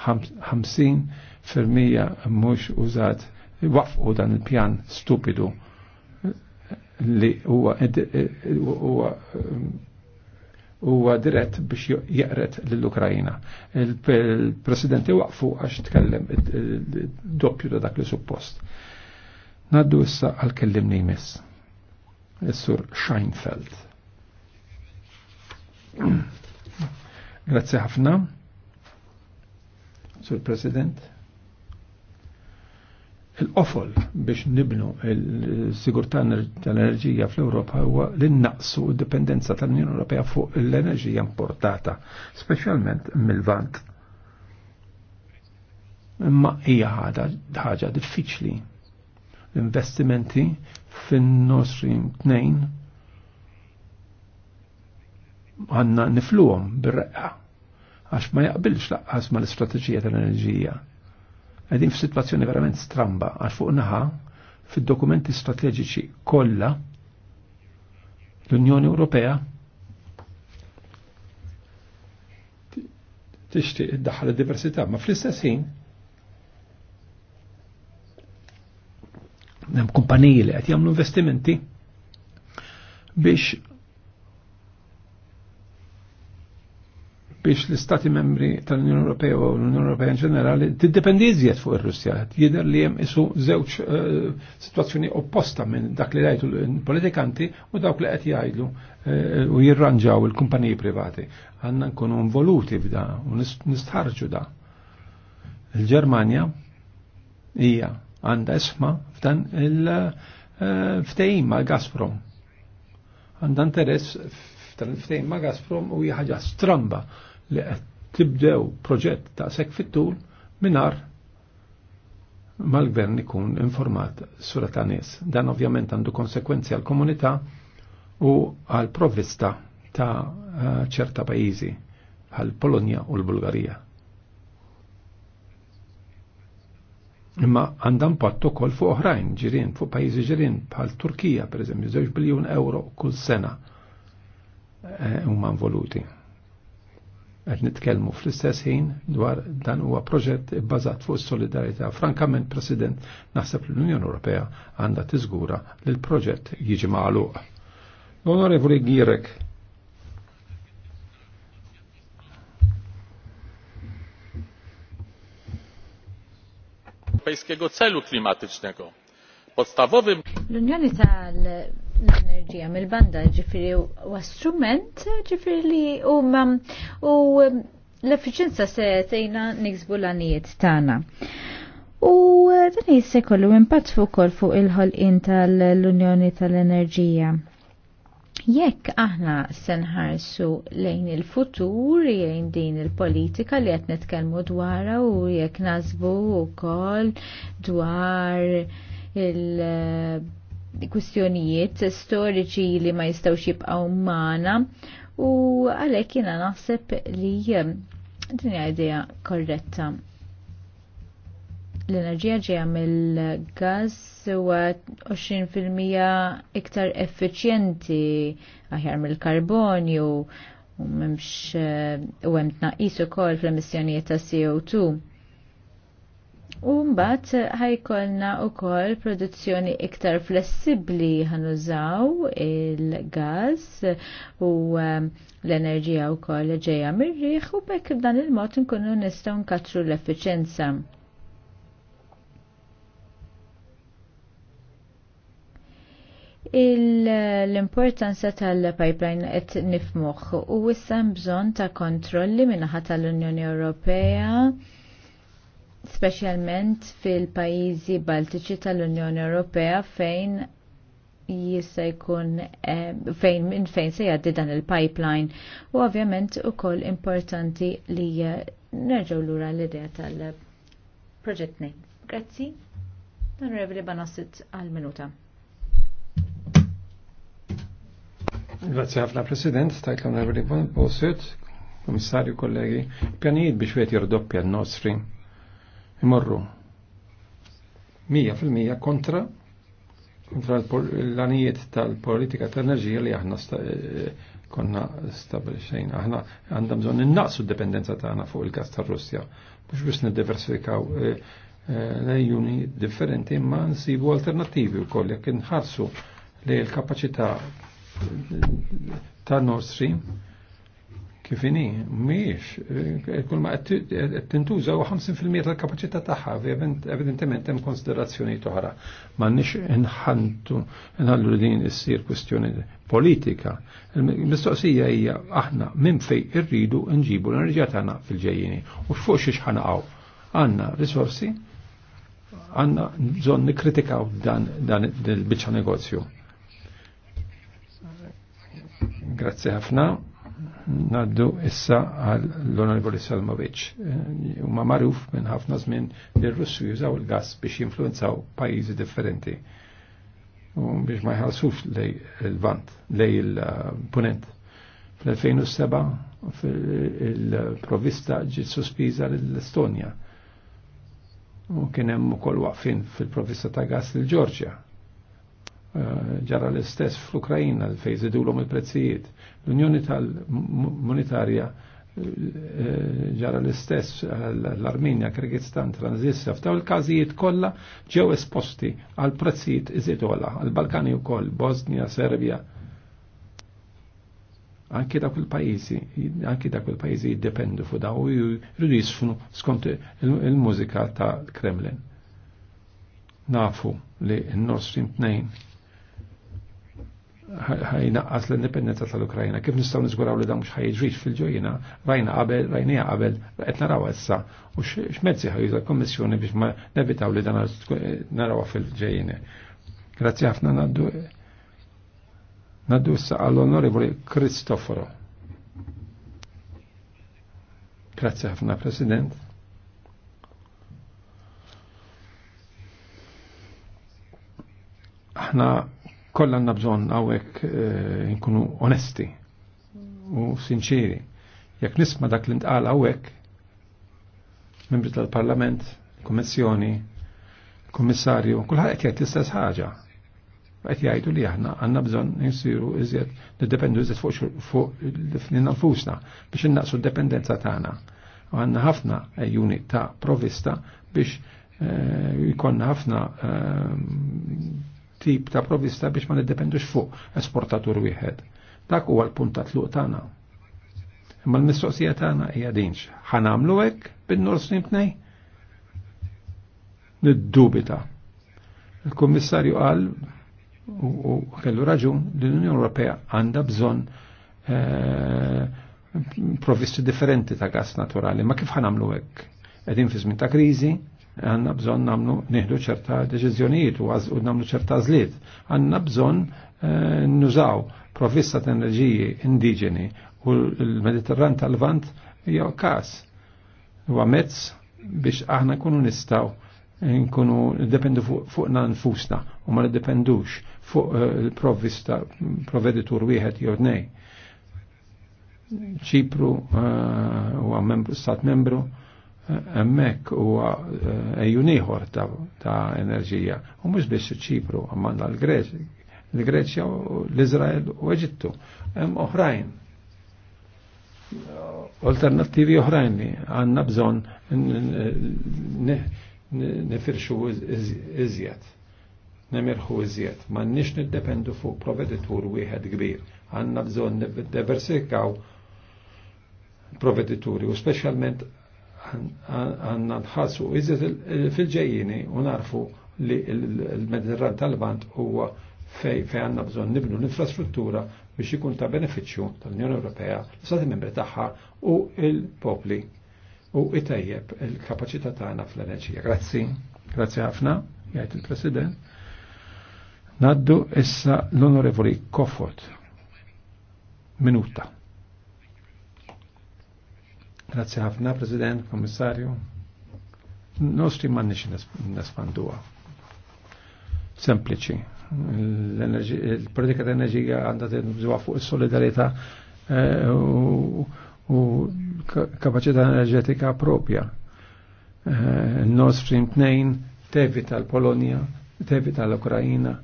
50 fil mhux użat waffqu dan il-pjan stupidu li huwa e- e- um, huwa dirett biex jaqret lill-Ukrajina. Il-President waqfu għax tkellem doppju ta' dak li suppost. Naddu issa għal kellimni jmiss. Is-sur Scheinfeld. Grazie ħafna. Sur President, il-qofol biex nibnu il-sigurtà tal-enerġija fl-Europa huwa li naqsu d-dipendenza tal-Unjoni Ewropea fuq l-enerġija importata, speċjalment mill-vant. Imma hija ħaġa diffiċli. L-investimenti fin-Nord Stream 2 għandna nifluhom bir-reqqa għax ma jaqbilx laqqas ma l-istrateġija tal-enerġija. Għedin f-situazzjoni verament stramba għax fuq naħa fil-dokumenti strateġiċi kollha l-Unjoni Ewropea tixtieq iddaħħal id-diversità, ma fl-istess ħin hemm kumpaniji li qed jagħmlu investimenti biex biex l-Istati membri tal-Unjoni Ewropea u l-Unjoni Ewropea in ġenerali tiddependi iżjed fuq ir-Russja. Jidher li hemm isu żewġ eh, sitwazzjoni opposta minn dak li jgħidu l-politikanti u dawk li qed jgħidu eh, u jirranġaw il-kumpaniji privati. Għandna nkunu involuti f'da u nistħarġu da. Il-Ġermanja hija għandha isma f'dan il-ftehim eh, ma' Gazprom. Għandha interess f'dan il-ftehim ma' Gazprom u hija ħaġa stramba li qed tibdew proġett ta' sekk fit-tul minar mal-gvern ikun informat sura ta' nies. Dan ovvjament għandu konsekwenzi għal komunità u għal provvista ta' eh, ċerta pajjiżi bħal Polonja u l-Bulgarija. Imma għandha patto ukoll fuq oħrajn ġirien, fuq pajjiżi ġirin bħal Turkija pereżempju, 2 biljun euro kull sena eh, huma involuti għed nitkellmu fl-istess ħin dwar dan huwa proġett bbażat fuq solidarità. Frankament, President, naħseb li l-Unjoni Ewropea għandha tiżgura li l-proġett jiġi magħluq. Onorevoli Girek. Europejskiego celu klimatycznego. Podstawowym... L-Unjoni tal l-enerġija mill-banda ġifiri u strument ġifiri li u um, u um, l-efficienza se tejna nixbu l-anijiet tana. U uh, dan jisse kollu impatt fuq kol fuq il-ħolqin tal-Unjoni tal-Enerġija. Jekk aħna senħarsu lejn il-futur jgħin din il-politika li qed nitkellmu dwarha u jekk u wkoll dwar il- kwistjonijiet storiċi li ma jistawx jibqaw mana u għalek jina naħseb li eh, din idea korretta. L-enerġija ġeja mill gaz u 20% iktar effiċjenti aħjar mill-karbonju u memx eh, u hemm tnaqqis ukoll fl-emissjonijiet ta' CO2 U mbagħad ħajkolna wkoll produzzjoni iktar flessibbli ħanużaw il gaz u ehm, l-enerġija wkoll ġejja ġeja mirriħ u bekk dan il-mod nkunu nistgħu nkatru l-effiċenza. l-importanza tal-pipeline qed nifmuħ u issa bżonn ta' kontrolli minnaħat tal-Unjoni Ewropea specialment fil-pajizi baltiċi tal-Unjoni Ewropea fejn jista' jkun eh, fejn minn fejn se jgħaddi dan il-pipeline u ovvjament ukoll importanti li eh, nerġgħu lura l-idea tal-proġett nejn. Grazzi. Onorevoli Banassit għal-minuta. Grazzi ħafna President, stajt l-Onorevoli Bosit, Komissarju, kollegi, pjanijiet biex wieħed jirdoppja n-Nord Stream imorru fil-mija kontra kontra l-anijiet tal-politika tal-enerġija li aħna eh, konna stabilixejn. Aħna għandha bżonn innaqsu d-dependenza tagħna fuq il-gas tar-Russja mhux biex niddiversifikaw eh, eh, lejjuni differenti imma nsibu alternattivi wkoll jekk inħarsu li l-kapaċità ta' Nord Stream kifini, miex, eh, kull ma tintuża u 50% tal kapacita taħħa, evidentement hemm konsiderazzjoni Ma' nix nħantu, nħallu din issir kwestjoni politika. mistoqsija hija aħna minn fejn irridu nġibu l-enerġija tagħna fil-ġejjini u fuq xi ħanaqgħu. Għandna risorsi, għandna bżonn nikkritikaw dan il-biċċa negozju. Grazzi ħafna. Naddu issa għal l-Onorevoli Salmovic. Eh, huma magħruf minn ħafna żmien li r-Russu jużaw il-gas biex jinfluenzaw pajjiżi differenti u biex ma jħalsux lej il-vant, lej il-punent. Fl-2007 il-provista ġiet sospiża l-Estonja. U kien hemm ukoll waqfin fil-provista ta' gas l-Ġorġja Eh, ġara l-istess fl ukrajina fej zidulhom il-prezzijiet. L-Unjoni tal-Monetarja eh, ġara l-istess eh, l-Armenja, Kirgizstan, Transnistria, f'daw il-każijiet kollha ġew esposti għal prezzijiet iżidu ola, għall-Balkani wkoll, Bosnia, Serbia. Anki dak il-pajjiżi, anki da il-pajjiżi jiddependu fuq da u jridu jisfnu skont il-mużika ta' Kremlin. Nafu li n-Nord Stream 2 ħajnaqqas l-indipendenza tal ukrajina Kif nistgħu niżguraw li dan mhux ħajġrix fil-ġojjina? Rajna qabel, rajna qabel, qed naraw issa. U x'mezzi ħajuża l-Kommissjoni biex ma nevitaw li dan narawha fil-ġejjina. Grazzi ħafna naddu naddu issa għall-Onorevoli Kristoforo. Grazzi ħafna President. Aħna kollha għandna bżonn hawnhekk eh, nkunu onesti u sinċiri. Jekk nisma dak li ntqal għawek, membri tal-Parlament, Kommissjoni, Kommissarju, kulħadd qed jgħid l-istess ħaġa. Qed jgħidu li aħna għandna bżonn insiru iżjed niddependu iżjed fuq nfusna biex innaqsu d-dependenza tagħna. Għandna ħafna juni ta' provista biex eh, jkollna ħafna ehm, tip ta' provvista biex ma niddependux fuq esportatur wieħed. Dak huwa l-punt ta' tluq tagħna. Imma l-mistoqsija tagħna hija dinx. Ħanamlu hekk bin-Nord Stream Niddubita. Il-Kummissarju qal u kellu raġun li l-Unjoni Ewropea għandha bżonn eh, provvisti differenti ta' gas naturali. Ma kif ħanamlu hekk? Qegħdin fi żmien ta' kriżi, għanna bżon namlu nieħdu ċerta deċiżjonijiet u namlu ċerta żliet. Għanna bżon eh, nużaw provvista ta' enerġiji indiġeni u l-Mediterran tal-Vant jew każ. U mezz biex aħna kunu nistaw nkunu dependu fuqna nfusna u ma dependux fuq il-provvista eh, provveditur wieħed jew nej. Ċipru eh, huwa membru stat membru emmek u eh, ejuniħor ta' enerġija. U mux biex ċipru, għamman l-Greċja, l-Izrael u Eġittu. Hemm oħrajn. Alternativi oħrajn li għanna bżon nifirxu iżjed. Nemirħu iżjed. Ma nix niddependu fuq proveditur wieħed kbir. Għanna bżon diversikaw proveditori u specialment għanna nħassu iżet fil-ġejjini u narfu li l-Mediterran tal-Bant huwa fej fej għanna bżon nibnu l-infrastruttura biex ikun ta' beneficju tal-Unjoni Ewropea, l-Stati membri tagħha u il-popli u itajjeb il-kapacità tagħna fl-enerġija. Grazzi, grazzi ħafna, jgħid il-President. Naddu issa l-Onorevoli Kofot. Minuta. Grazie ħafna, President, Komissarju. Nostri mannix nespanduwa. Sempliċi. Il-politika ta' enerġija għandha tinbżuha fuq il-solidarieta u kapacita enerġetika propja. Nord Stream 2 tevita l polonia tevita l ukraina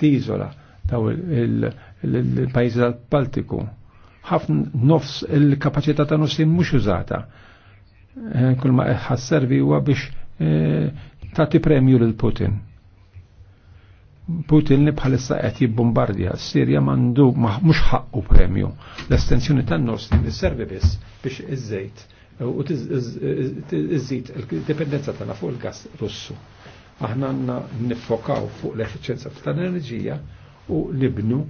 Tizola daw il-pajjiżi tal-Baltiku ħafna nofs il-kapacità ta' nofsin mhux użata. Eh, kull ma ħasservi huwa biex eh, tagħti premju lil Putin. Putin li bħalissa qed jibbombardja s-Sirja mandu mhux ħaqqu premju. L-estensjoni tan li servi biss biex iż-żejt eh, u iżid il-dipendenza tagħna fuq il-gas Russu. Aħna għandna niffokaw fuq l-effiċenza tal-enerġija u libnu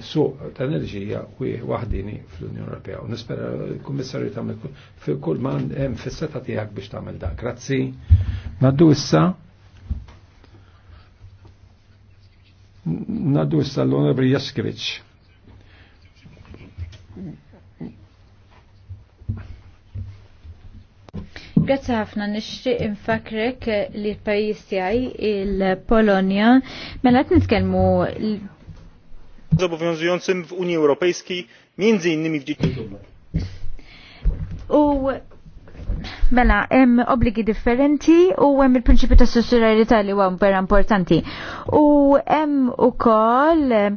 suq ta' enerġija u waħdini fl-Unjoni Ewropea. U nispera l-Kummissarju tagħmel fil kull ma hemm eh, fis-seta tiegħek biex tagħmel dak. Grazzi. Naddu issa Naddu issa l onorabri Jaskiewicz. Grazzi ħafna nixtieq infakrek li l-pajjiż tiegħi il-Polonja mela qed nitkellmu zobowiązującym w Unii Europejskiej, między innymi w dziedzinie. U Mela, hemm obbligi differenti u hemm il-prinċipju ta' sussidjarjetà li huwa importanti. U hemm ukoll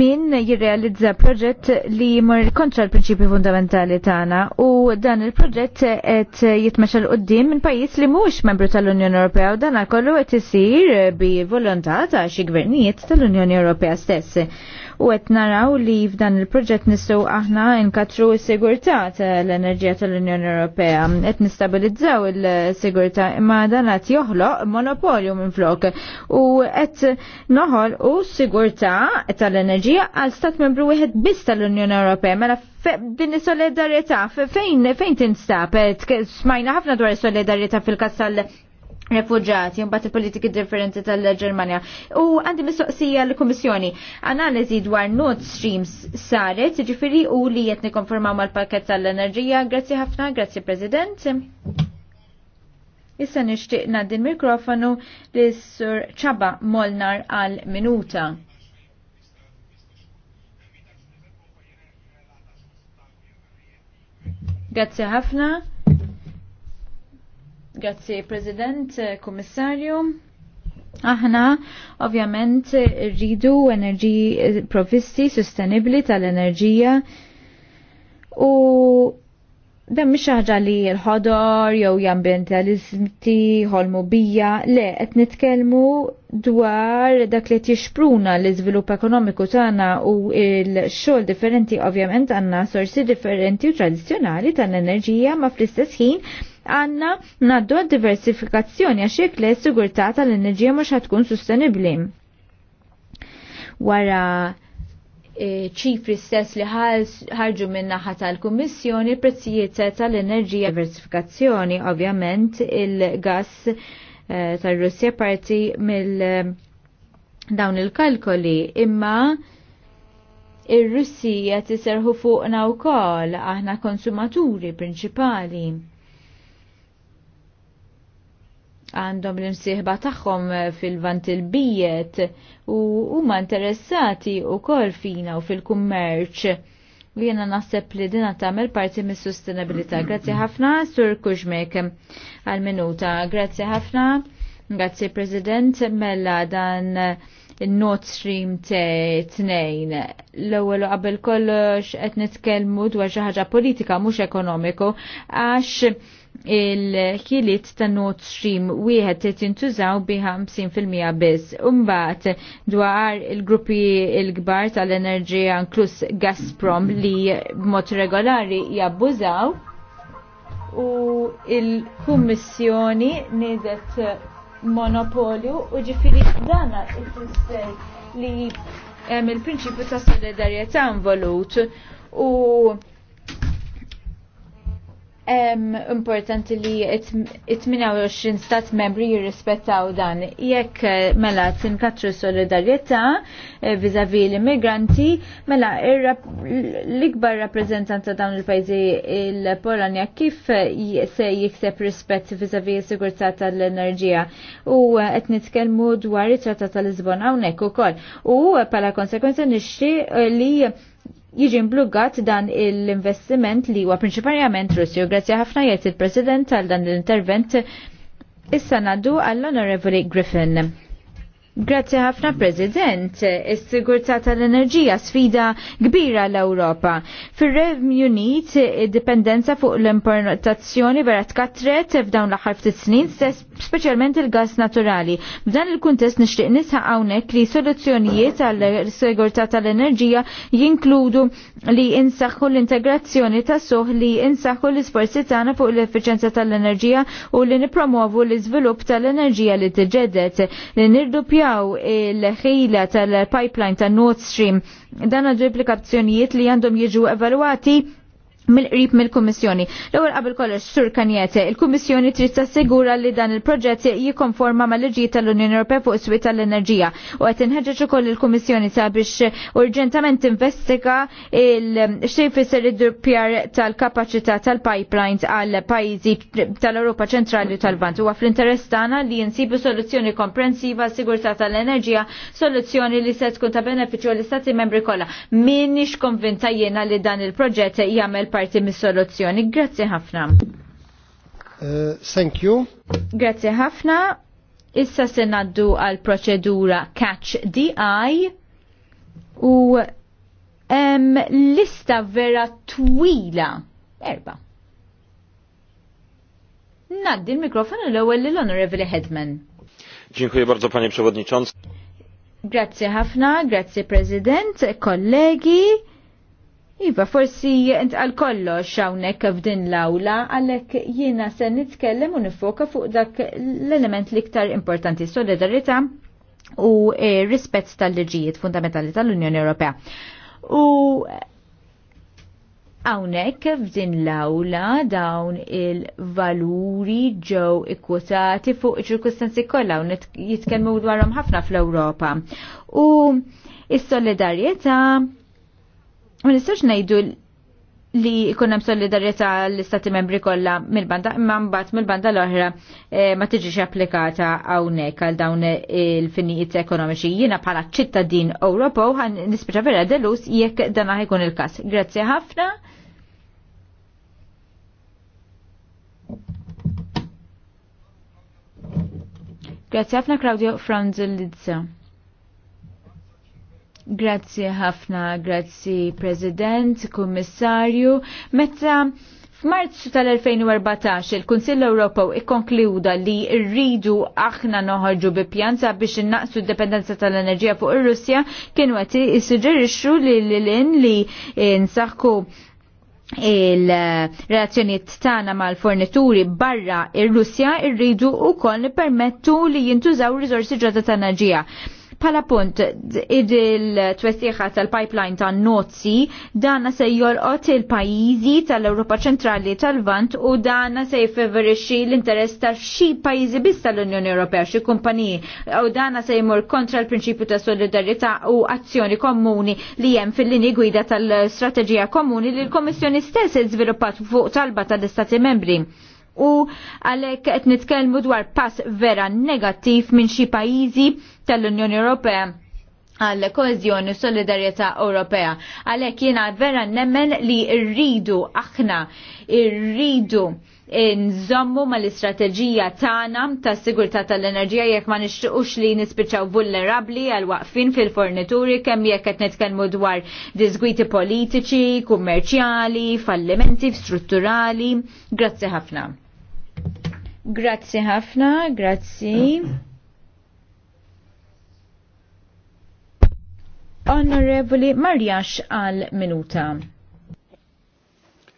min jirrealizza proġett li mor kontra l-prinċipi fundamentali tagħna u dan il-proġett qed jitmexxa l qoddim minn pajjiż li mhux membru tal-Unjoni Ewropea u dan kollu qed isir bi volontà ta' xi gvernijiet tal-Unjoni Ewropea stess u qed naraw li f'dan il-proġett nistgħu aħna nkatru s-sigurtà tal-enerġija tal-Unjoni Ewropea. Qed nistabilizzaw il-sigurtà imma dan qed joħloq monopolju minflok u qed noħol u s-sigurtà tal-enerġija għal stat membru wieħed biss tal-Unjoni Ewropea. Mela din is-solidarjetà fejn fejn tinstab? Smajna ħafna dwar is-solidarjetà fil-kas tal refugjati, mbagħad il-politiki differenti tal-Ġermanja. U għandi mistoqsija l-Kummissjoni. Analiżi dwar Nord Streams saret, ġifiri u li qed nikkonformaw mal pakket tal-enerġija. Grazzi ħafna, grazzi President. Issa nixtieq naddi l-mikrofonu li sur Ċaba Molnar għal minuta. Grazzi ħafna. Grazzi President, Kummissarju. Aħna ovvjament rridu enerġiji provvisti sostenibli tal-enerġija u dan mhix ħaġa li l-ħodor jew jambientalisti ħolmu bija, le qed nitkellmu dwar dak li jixpruna l-iżvilupp ekonomiku tagħna u l-xogħol differenti ovvjament għandna sorsi differenti u tradizzjonali tal-enerġija ma fl-istess ħin għanna naddu diversifikazzjoni għax jekk s sigurtà tal-enerġija mhux ħatkun sostenibbli. Wara e, ċifri stess li ħarġu minnaħa tal-Kummissjoni prezzijiet tal-enerġija diversifikazzjoni, ovvjament il-gas e, tal-Russja parti mill- e, dawn il-kalkoli, imma ir-Russija tiserħu fuqna wkoll aħna konsumaturi prinċipali għandhom l-imsieħba tagħhom eh, fil-vant il-bijet u huma interessati u kol fina u fil-kummerċ. li jena naħseb li dina tagħmel parti mis sustenabilità Grazzi ħafna, Sur Kuxmek, għal-minuta. Grazzi ħafna, grazzi President, mella dan il-Nord Stream tnejn. L-ewwel qabel kollox qed nitkellmu dwar xi ħaġa politika mhux ekonomiku għax il-ħiliet ta' Nord Stream wieħed qed jintużaw bi 50% biss. Imbagħad dwar il-gruppi l-kbar tal-enerġija inkluż Gazprom li b'mod regolari jabbużaw u il-Kummissjoni nidet monopolju u ġifiri dana ifisser li hemm il-prinċipju ta' solidarjetà involut u Um, importanti li 28 stat membri jirrispettaw dan. Jekk eh, mela tinkatru solidarieta eh, vizavi l-immigranti, mela l-ikbar rappresentant ta' dawn il-pajzi il-Polonja kif eh, se jikseb rispett vizavi s-sigurtà tal-enerġija u qed nitkellmu dwar it-Trattat tal-Lisbona hawnhekk ukoll. U pala konsekwenza nixtri li jiġi mbluggat dan l-investiment li huwa prinċipalment Russju. Grazzi ħafna jgħid il-President għal dan l-intervent. Issa nadu għall-Onorevoli Griffin. Grazzi ħafna President, is-sigurtà tal-enerġija sfida kbira l-Ewropa. Fir-Revenue Unit id-dipendenza fuq l-importazzjoni vera tkatret f'dawn l-aħħar ftit snin stess speċjalment il-gas naturali. F'dan il-kuntest nixtieq nisħaq hawnhekk li soluzzjonijiet għall-sigurtà tal-enerġija jinkludu li insaħħu l-integrazzjoni tas soħ li insaħħu l-isforzi tagħna fuq l-effiċenza tal-enerġija u li nippromovu l-iżvilupp tal-enerġija li tiġedet li nirdupjaw il-ħila tal-pipeline tan Nord Stream. Dan għadu implikazzjonijiet li għandhom jiġu evalwati mill-qrib mill-Kummissjoni. L-ewwel qabel kollox Sur Kanjete, il-Kummissjoni trid tassigura li dan il-proġett jikkonforma mal-liġijiet tal-Unjoni Ewropea fuq is-swieq tal-enerġija u qed inħeġġeġ ukoll il-Kummissjoni sabiex urġentament investiga xejn fisser id-dupjar tal-kapaċità tal-pipelines għal pajjiżi tal-Ewropa ċentrali u tal-Vant. Huwa fl-interess tagħna li jinsibu soluzzjoni komprensiva sigurtà tal-enerġija, soluzzjoni li se tkun ta' benefiċċju l istati membri kollha. Minix konvinta jiena li dan il-proġett jagħmel parti mis-soluzzjoni. Grazzi ħafna. Uh, thank you. Grazzi ħafna. Issa se naddu għal proċedura Catch DI u um, lista vera twila. Erba. Naddi l-mikrofonu l-ewwel lill-Onorevoli Headman. Dziękuję bardzo panie przewodniczący. Grazie ħafna, grazie President, kollegi Iva, forsi għal kollox hawnhekk f'din l-awla, għalhekk jiena se nitkellem u nifoka fuq dak l-element l-iktar importanti, solidarita u eh, rispett tal-liġijiet fundamentali tal-Unjoni Ewropea. U Hawnhekk f'din l-awla dawn il-valuri ġew ikkwotati fuq ċirkustanzi kollha u jitkellmu dwarhom ħafna fl-Ewropa. U is-solidarjetà Ma nistax ngħidu li jkun hemm solidarjetà l-istati membri kollha mill-banda imma mbagħad mill-banda l-oħra eh, ma tiġix applikata hawnhekk għal dawn il-finijiet ekonomiċi. Jiena bħala ċittadin Ewropew nispiċa vera delus jekk dan jkun il-każ. Grazzi ħafna. Grazie ħafna Claudio Franzellizza. Grazzi ħafna, grazzi President, Kummissarju. Meta F'Marzu tal-2014 il-Kunsill Ewropew ikkonkluda li rridu aħna noħorġu bi pjanza biex innaqsu d-dependenza tal-enerġija fuq ir-Russja kienu qed issuġġerixxu li lilin li nsaħħu il-relazzjoniet tagħna mal-fornituri barra ir-Russja rridu wkoll nippermettu li jintużaw riżorsi ġodda ta' enerġija. Pala punt, id il-twessiħa tal-pipeline ta' nozzi, dana se jolqot il-pajizi tal-Europa ċentrali tal-Vant u dana se jfeverixi l-interess ta' xi pajizi biss tal-Unjoni Ewropea, xi kumpaniji, u dana se jmur kontra l-prinċipju ta' solidarietà u azzjoni komuni li hemm fil-lini gwida tal-strateġija komuni li l-Komissjoni stess iżviluppat fuq talba tal-Istati membri u għalek qed nitkellmu dwar pass vera negattiv minn xi pajjiżi tal-Unjoni Ewropea għall koezjoni u solidarjetà Ewropea. Għalhekk jiena vera nemmen li rridu aħna rridu nżommu mal-istrateġija tagħna ta' sigurtà tal-enerġija jekk ma nixtiequx li nispiċċaw vulnerabbli għal waqfin fil-fornituri kemm jekk qed nitkellmu dwar diżgwiti politiċi, kummerċjali, fallimenti strutturali. Grazzi ħafna. Grazzi ħafna, grazzi. Onorevoli Marjax għal minuta.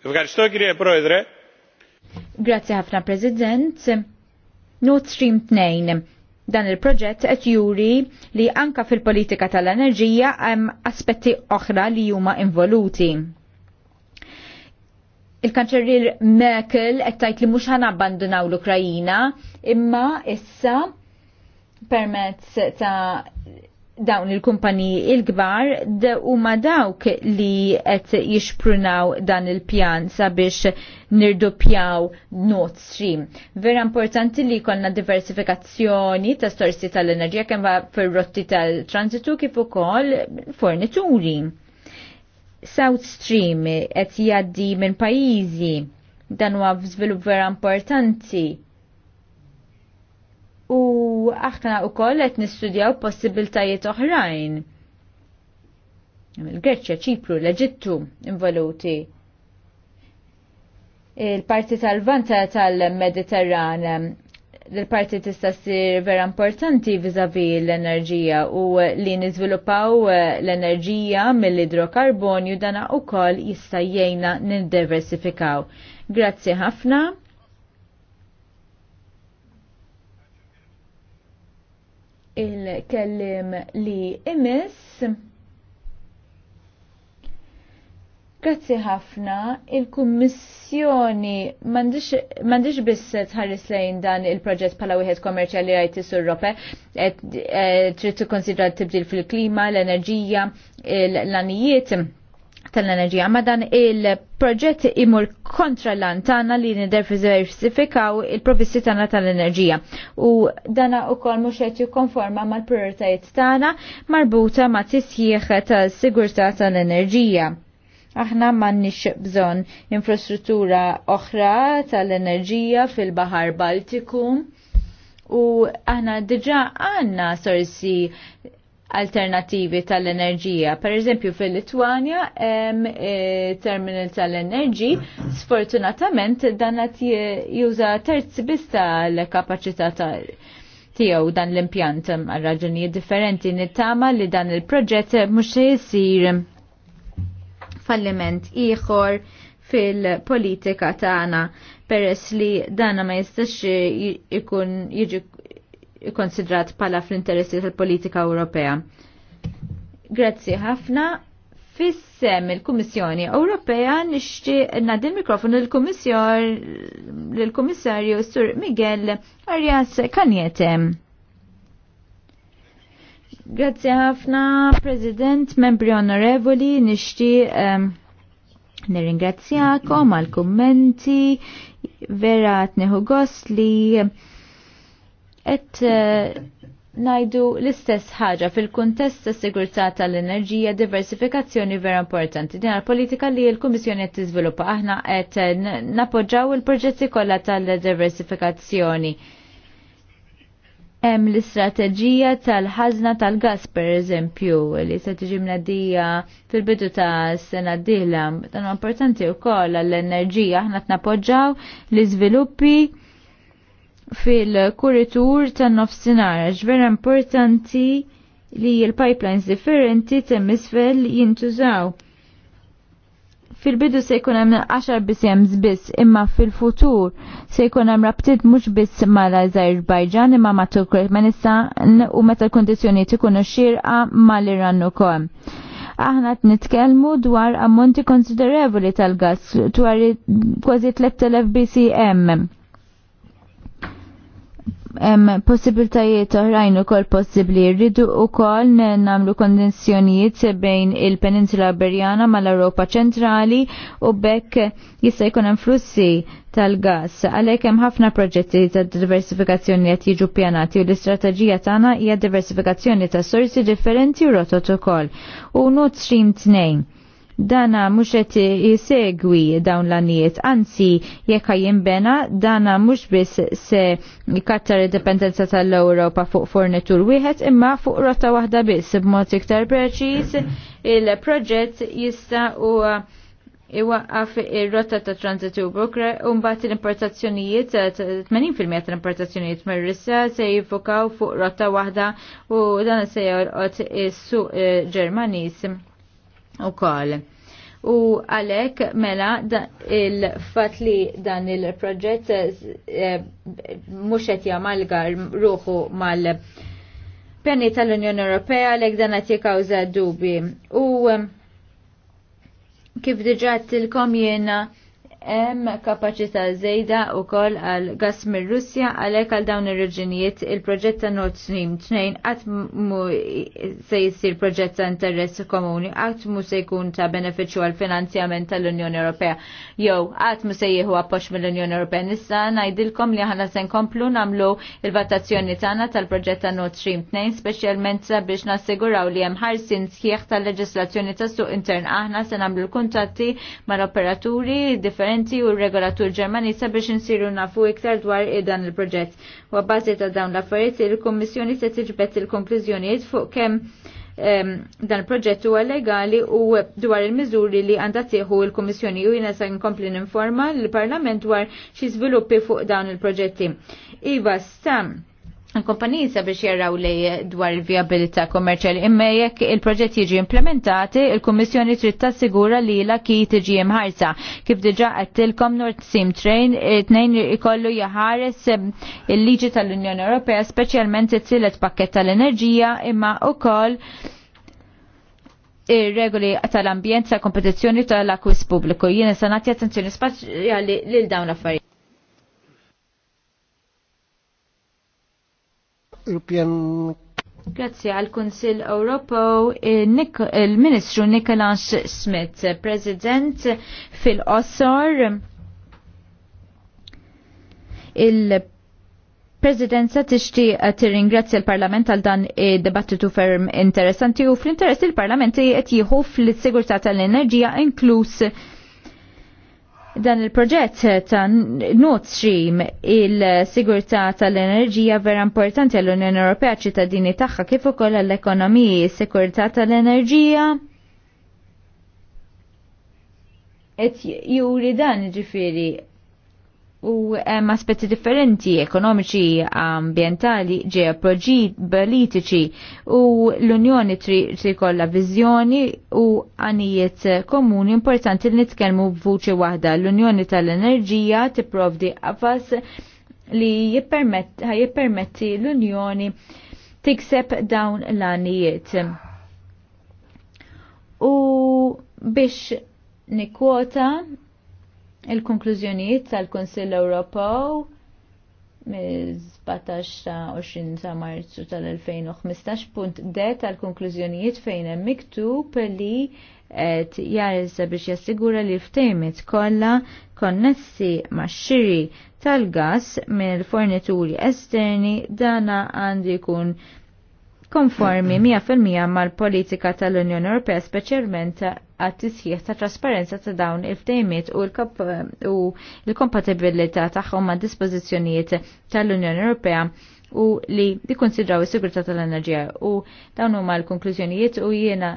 Ευχαριστώ e Πρόεδρε. Grazzi ħafna President. Nord Stream 2. Dan il-proġett qed juri li anka fil-politika tal-enerġija hemm aspetti oħra li huma involuti. Il-kanċerrier Merkel qed tgħid li mhux ħanabbandunaw l-Ukrajina, imma issa permezz ta' dawn il-kumpaniji il-kbar huma dawk li qed jixprunaw dan il-pjan sabiex nirdupjaw Nord Stream. Vera importanti li konna diversifikazzjoni ta' storsi tal-enerġija kemm fir-rotti tal-transitu kif ukoll fornituri. South Stream qed jgħaddi minn pajjiżi dan huwa żvilupp vera importanti u aħna u koll qed nistudjaw possibiltajiet oħrajn. Il-Greċja, Ċipru, l-Eġittu involuti. Il-parti tal-vanta tal-Mediterran il parti tista' ssir vera importanti vizavi l-enerġija u li nizviluppaw l-enerġija mill-idrokarbonju dana koll jista' jgħinna niddiversifikaw. Grazzi ħafna. il-kellim li imis. Grazzi ħafna, il-Kummissjoni mandiġ biss tħares lejn dan il-proġett pala wieħed kommerċjali għajti sur-Rope, eh, trid tikkonsidra tibdil fil-klima, l-enerġija, l-anijiet. l anijiet tal-enerġija. Ma dan il-proġett imur kontra l-antana li nidiversifikaw il profissi tana tal-enerġija. U dana u kol muxet konforma mal prioritajiet tana marbuta ma tisjieħ tal-sigurta tal-enerġija. Aħna nix bżon infrastruttura oħra tal-enerġija fil-Bahar Baltiku u aħna diġa għanna sorsi alternativi tal-enerġija. Per eżempju, fil-Litwanja hemm e, terminal tal-enerġi, sfortunatament dan juża terzi bista l-kapaċità tiegħu dan l-impjant għal raġunijiet differenti nittama li dan il-proġett mhux se jsir falliment ieħor fil-politika tagħna peress li dana ma jistax ikun jiġi ikkonsidrat pala fl-interessi tal-politika Ewropea. Grazzi ħafna. Fissem il-Kummissjoni Ewropea nixti nadi l-mikrofonu l-Kummissarju Sur Miguel Arias Kanjete. Grazzi ħafna, President, membri onorevoli, nixti um, ehm, nirringrazzjakom għal kummenti vera tneħu gost li qed eh, najdu l-istess ħaġa fil-kuntest ta' sigurtà tal-enerġija diversifikazzjoni vera importanti. Din politika li l-Kummissjoni qed tiżviluppa aħna qed eh, napoġġaw il-proġetti kollha tal-diversifikazzjoni. Hemm l-istrateġija tal-ħażna tal-gas pereżempju li se tiġi mnedija fil-bidu ta' sena d dilam Dan importanti wkoll għall-enerġija aħna tnapoġġaw l-iżviluppi fil-kuritur tan nofsinar vera importanti li l-pipelines differenti temmisfel jintużaw. Fil-bidu se jkun hemm 10 BCMs biss, imma fil-futur se jkun hemm rabtiet mhux biss mal-Azerbajġan imma ma' Turkmenistan u meta l-kundizzjonijiet ikunu xirqa mal-Iran ukoll aħna nitkellmu dwar ammonti konsiderevoli tal-gas dwar kważi 3000 BCM hemm possibiltajiet oħrajn ukoll possibbli rridu wkoll nagħmlu kondizzjonijiet bejn il-Peninsula Iberjana mal-Ewropa ċentrali u bekk jista' jkun hemm flussi tal-gas. Għalhekk hemm ħafna proġetti ta' diversifikazzjoni qed jiġu pjanati u l-istrateġija tagħna hija diversifikazzjoni ta' sorsi differenti u rotot ukoll. U Nord Stream 2 dana mhux qed jisegwi dawn l-anijiet, anzi jekk jimbena, dana mhux biss se jkattar id dependenza tal-Ewropa fuq fornitur wieħed imma fuq rotta waħda biss b'mod iktar preċiż il-proġett jista' huwa iwaqqaf ir-rotta ta' transitu bukra u mbagħad l-importazzjonijiet 80% tal-importazzjonijiet mar rissa se jifukaw fuq rotta waħda u dan se jorqod is-suq eh, Ġermaniż u koll. U għalek mela il-fat li dan il-proġett eh, muxet jamalga ruħu mal penni tal-Unjoni Ewropea għalek dan għati kawza dubi. U eh, kif diġat il-kom jena hemm kapaċità żejda wkoll għal gass mir-Russja għalhekk għal dawn ir-reġinijiet il-proġett ta' Nord Stream 2 qatt mu se jsir proġett ta' interess komuni, qatt mu se jkun ta' benefiċċju għal finanzjament tal-Unjoni Ewropea. Jew qatt mu se jieħu appoġġ mill-Unjoni Ewropea. Nista' ngħidilkom li aħna se nkomplu nagħmlu il vatazzjoni tagħna tal-proġett ta' Nord Stream 2 speċjalment sabiex nassiguraw li hemm ħarsin sħiħ tal-leġislazzjoni tas-suq intern aħna se nagħmlu l-kuntatti mal-operaturi differenti parlamenti u regolatur ġermani sabiex insiru nafu iktar dwar id-dan il-proġett. U għabbażi ta' dawn l-affarijiet il-Kommissjoni se tiġbed il-konklużjonijiet fuq kemm ehm, dan il-proġett huwa legali u dwar il-miżuri li għandha tieħu l-Kummissjoni u jiena se nkompli ninforma l-Parlament dwar xi żviluppi fuq dawn il-proġetti. Iva, stam, l-kompaniji biex jarraw li dwar il-viabilità kommerċjali imma jekk il-proġett jiġi implementati, il-Kummissjoni trid tassigura li la ki tiġi imħarsa. Kif diġà għattilkom North Sim Train, eh, tnejn ikollu jaħares eh, il-liġi tal-Unjoni Ewropea, speċjalment it-tielet pakket tal-enerġija imma ukoll ir-regoli tal-ambjent tal kompetizzjoni tal-akwis pubbliku. Jiena se nagħti attenzjoni spazjali lil dawn l-affarijiet. European Grazie al Kunsill Ewropew e il-Ministru Nicolas Smith, President fil Osor, il-Presidenza tixti tirringrazzja l-Parlament għal dan id-debattitu ferm interessanti u fl-interess il-Parlament qed jieħu fl-sigurtà tal-enerġija inkluż dan il-proġett ta' Nord Stream il-sigurtà tal-enerġija vera importanti għall-Unjoni Ewropea ċittadini tagħha kif ukoll għall-ekonomiji, sigurtà tal-enerġija. Et juri dan ġifiri u hemm aspetti differenti ekonomiċi, ambientali, politiċi u l-Unjoni trikolla kollha viżjoni u għanijiet komuni importanti li nitkellmu b'vuċi waħda. L-Unjoni tal-Enerġija tipprovdi qafas li jippermetti l-Unjoni tikseb dawn l-għanijiet. U biex nikwota Il-konklużjonijiet tal-Kunsill Ewropew miż 17 ta' 20 ta' Marzu tal-2015 punt D tal-konklużjonijiet fejn hemm miktub li qed jarsa biex jassigura li ftejmet kollha konnessi max-xiri tal-gas mill-fornituri esterni dana għandu jkun konformi 100% mal-politika tal-Unjoni Ewropea speċjalment għat-tisħiħ ta' trasparenza ta' dawn il-ftejmiet u l-kompatibilità tagħhom ma' dispożizzjonijiet tal-Unjoni Ewropea u li dikkonsidraw is-sigurtà tal-enerġija u dawn huma l-konklużjonijiet u jiena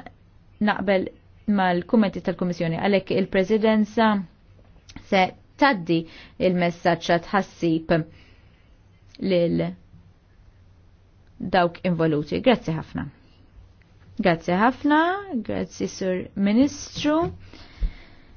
naqbel mal-kummenti tal-Kummissjoni għalhekk il-Presidenza se taddi il-messaġġ tħassib lil dawk involuti. Grazzi ħafna. Grazie ħafna, grazie Sur Ministru.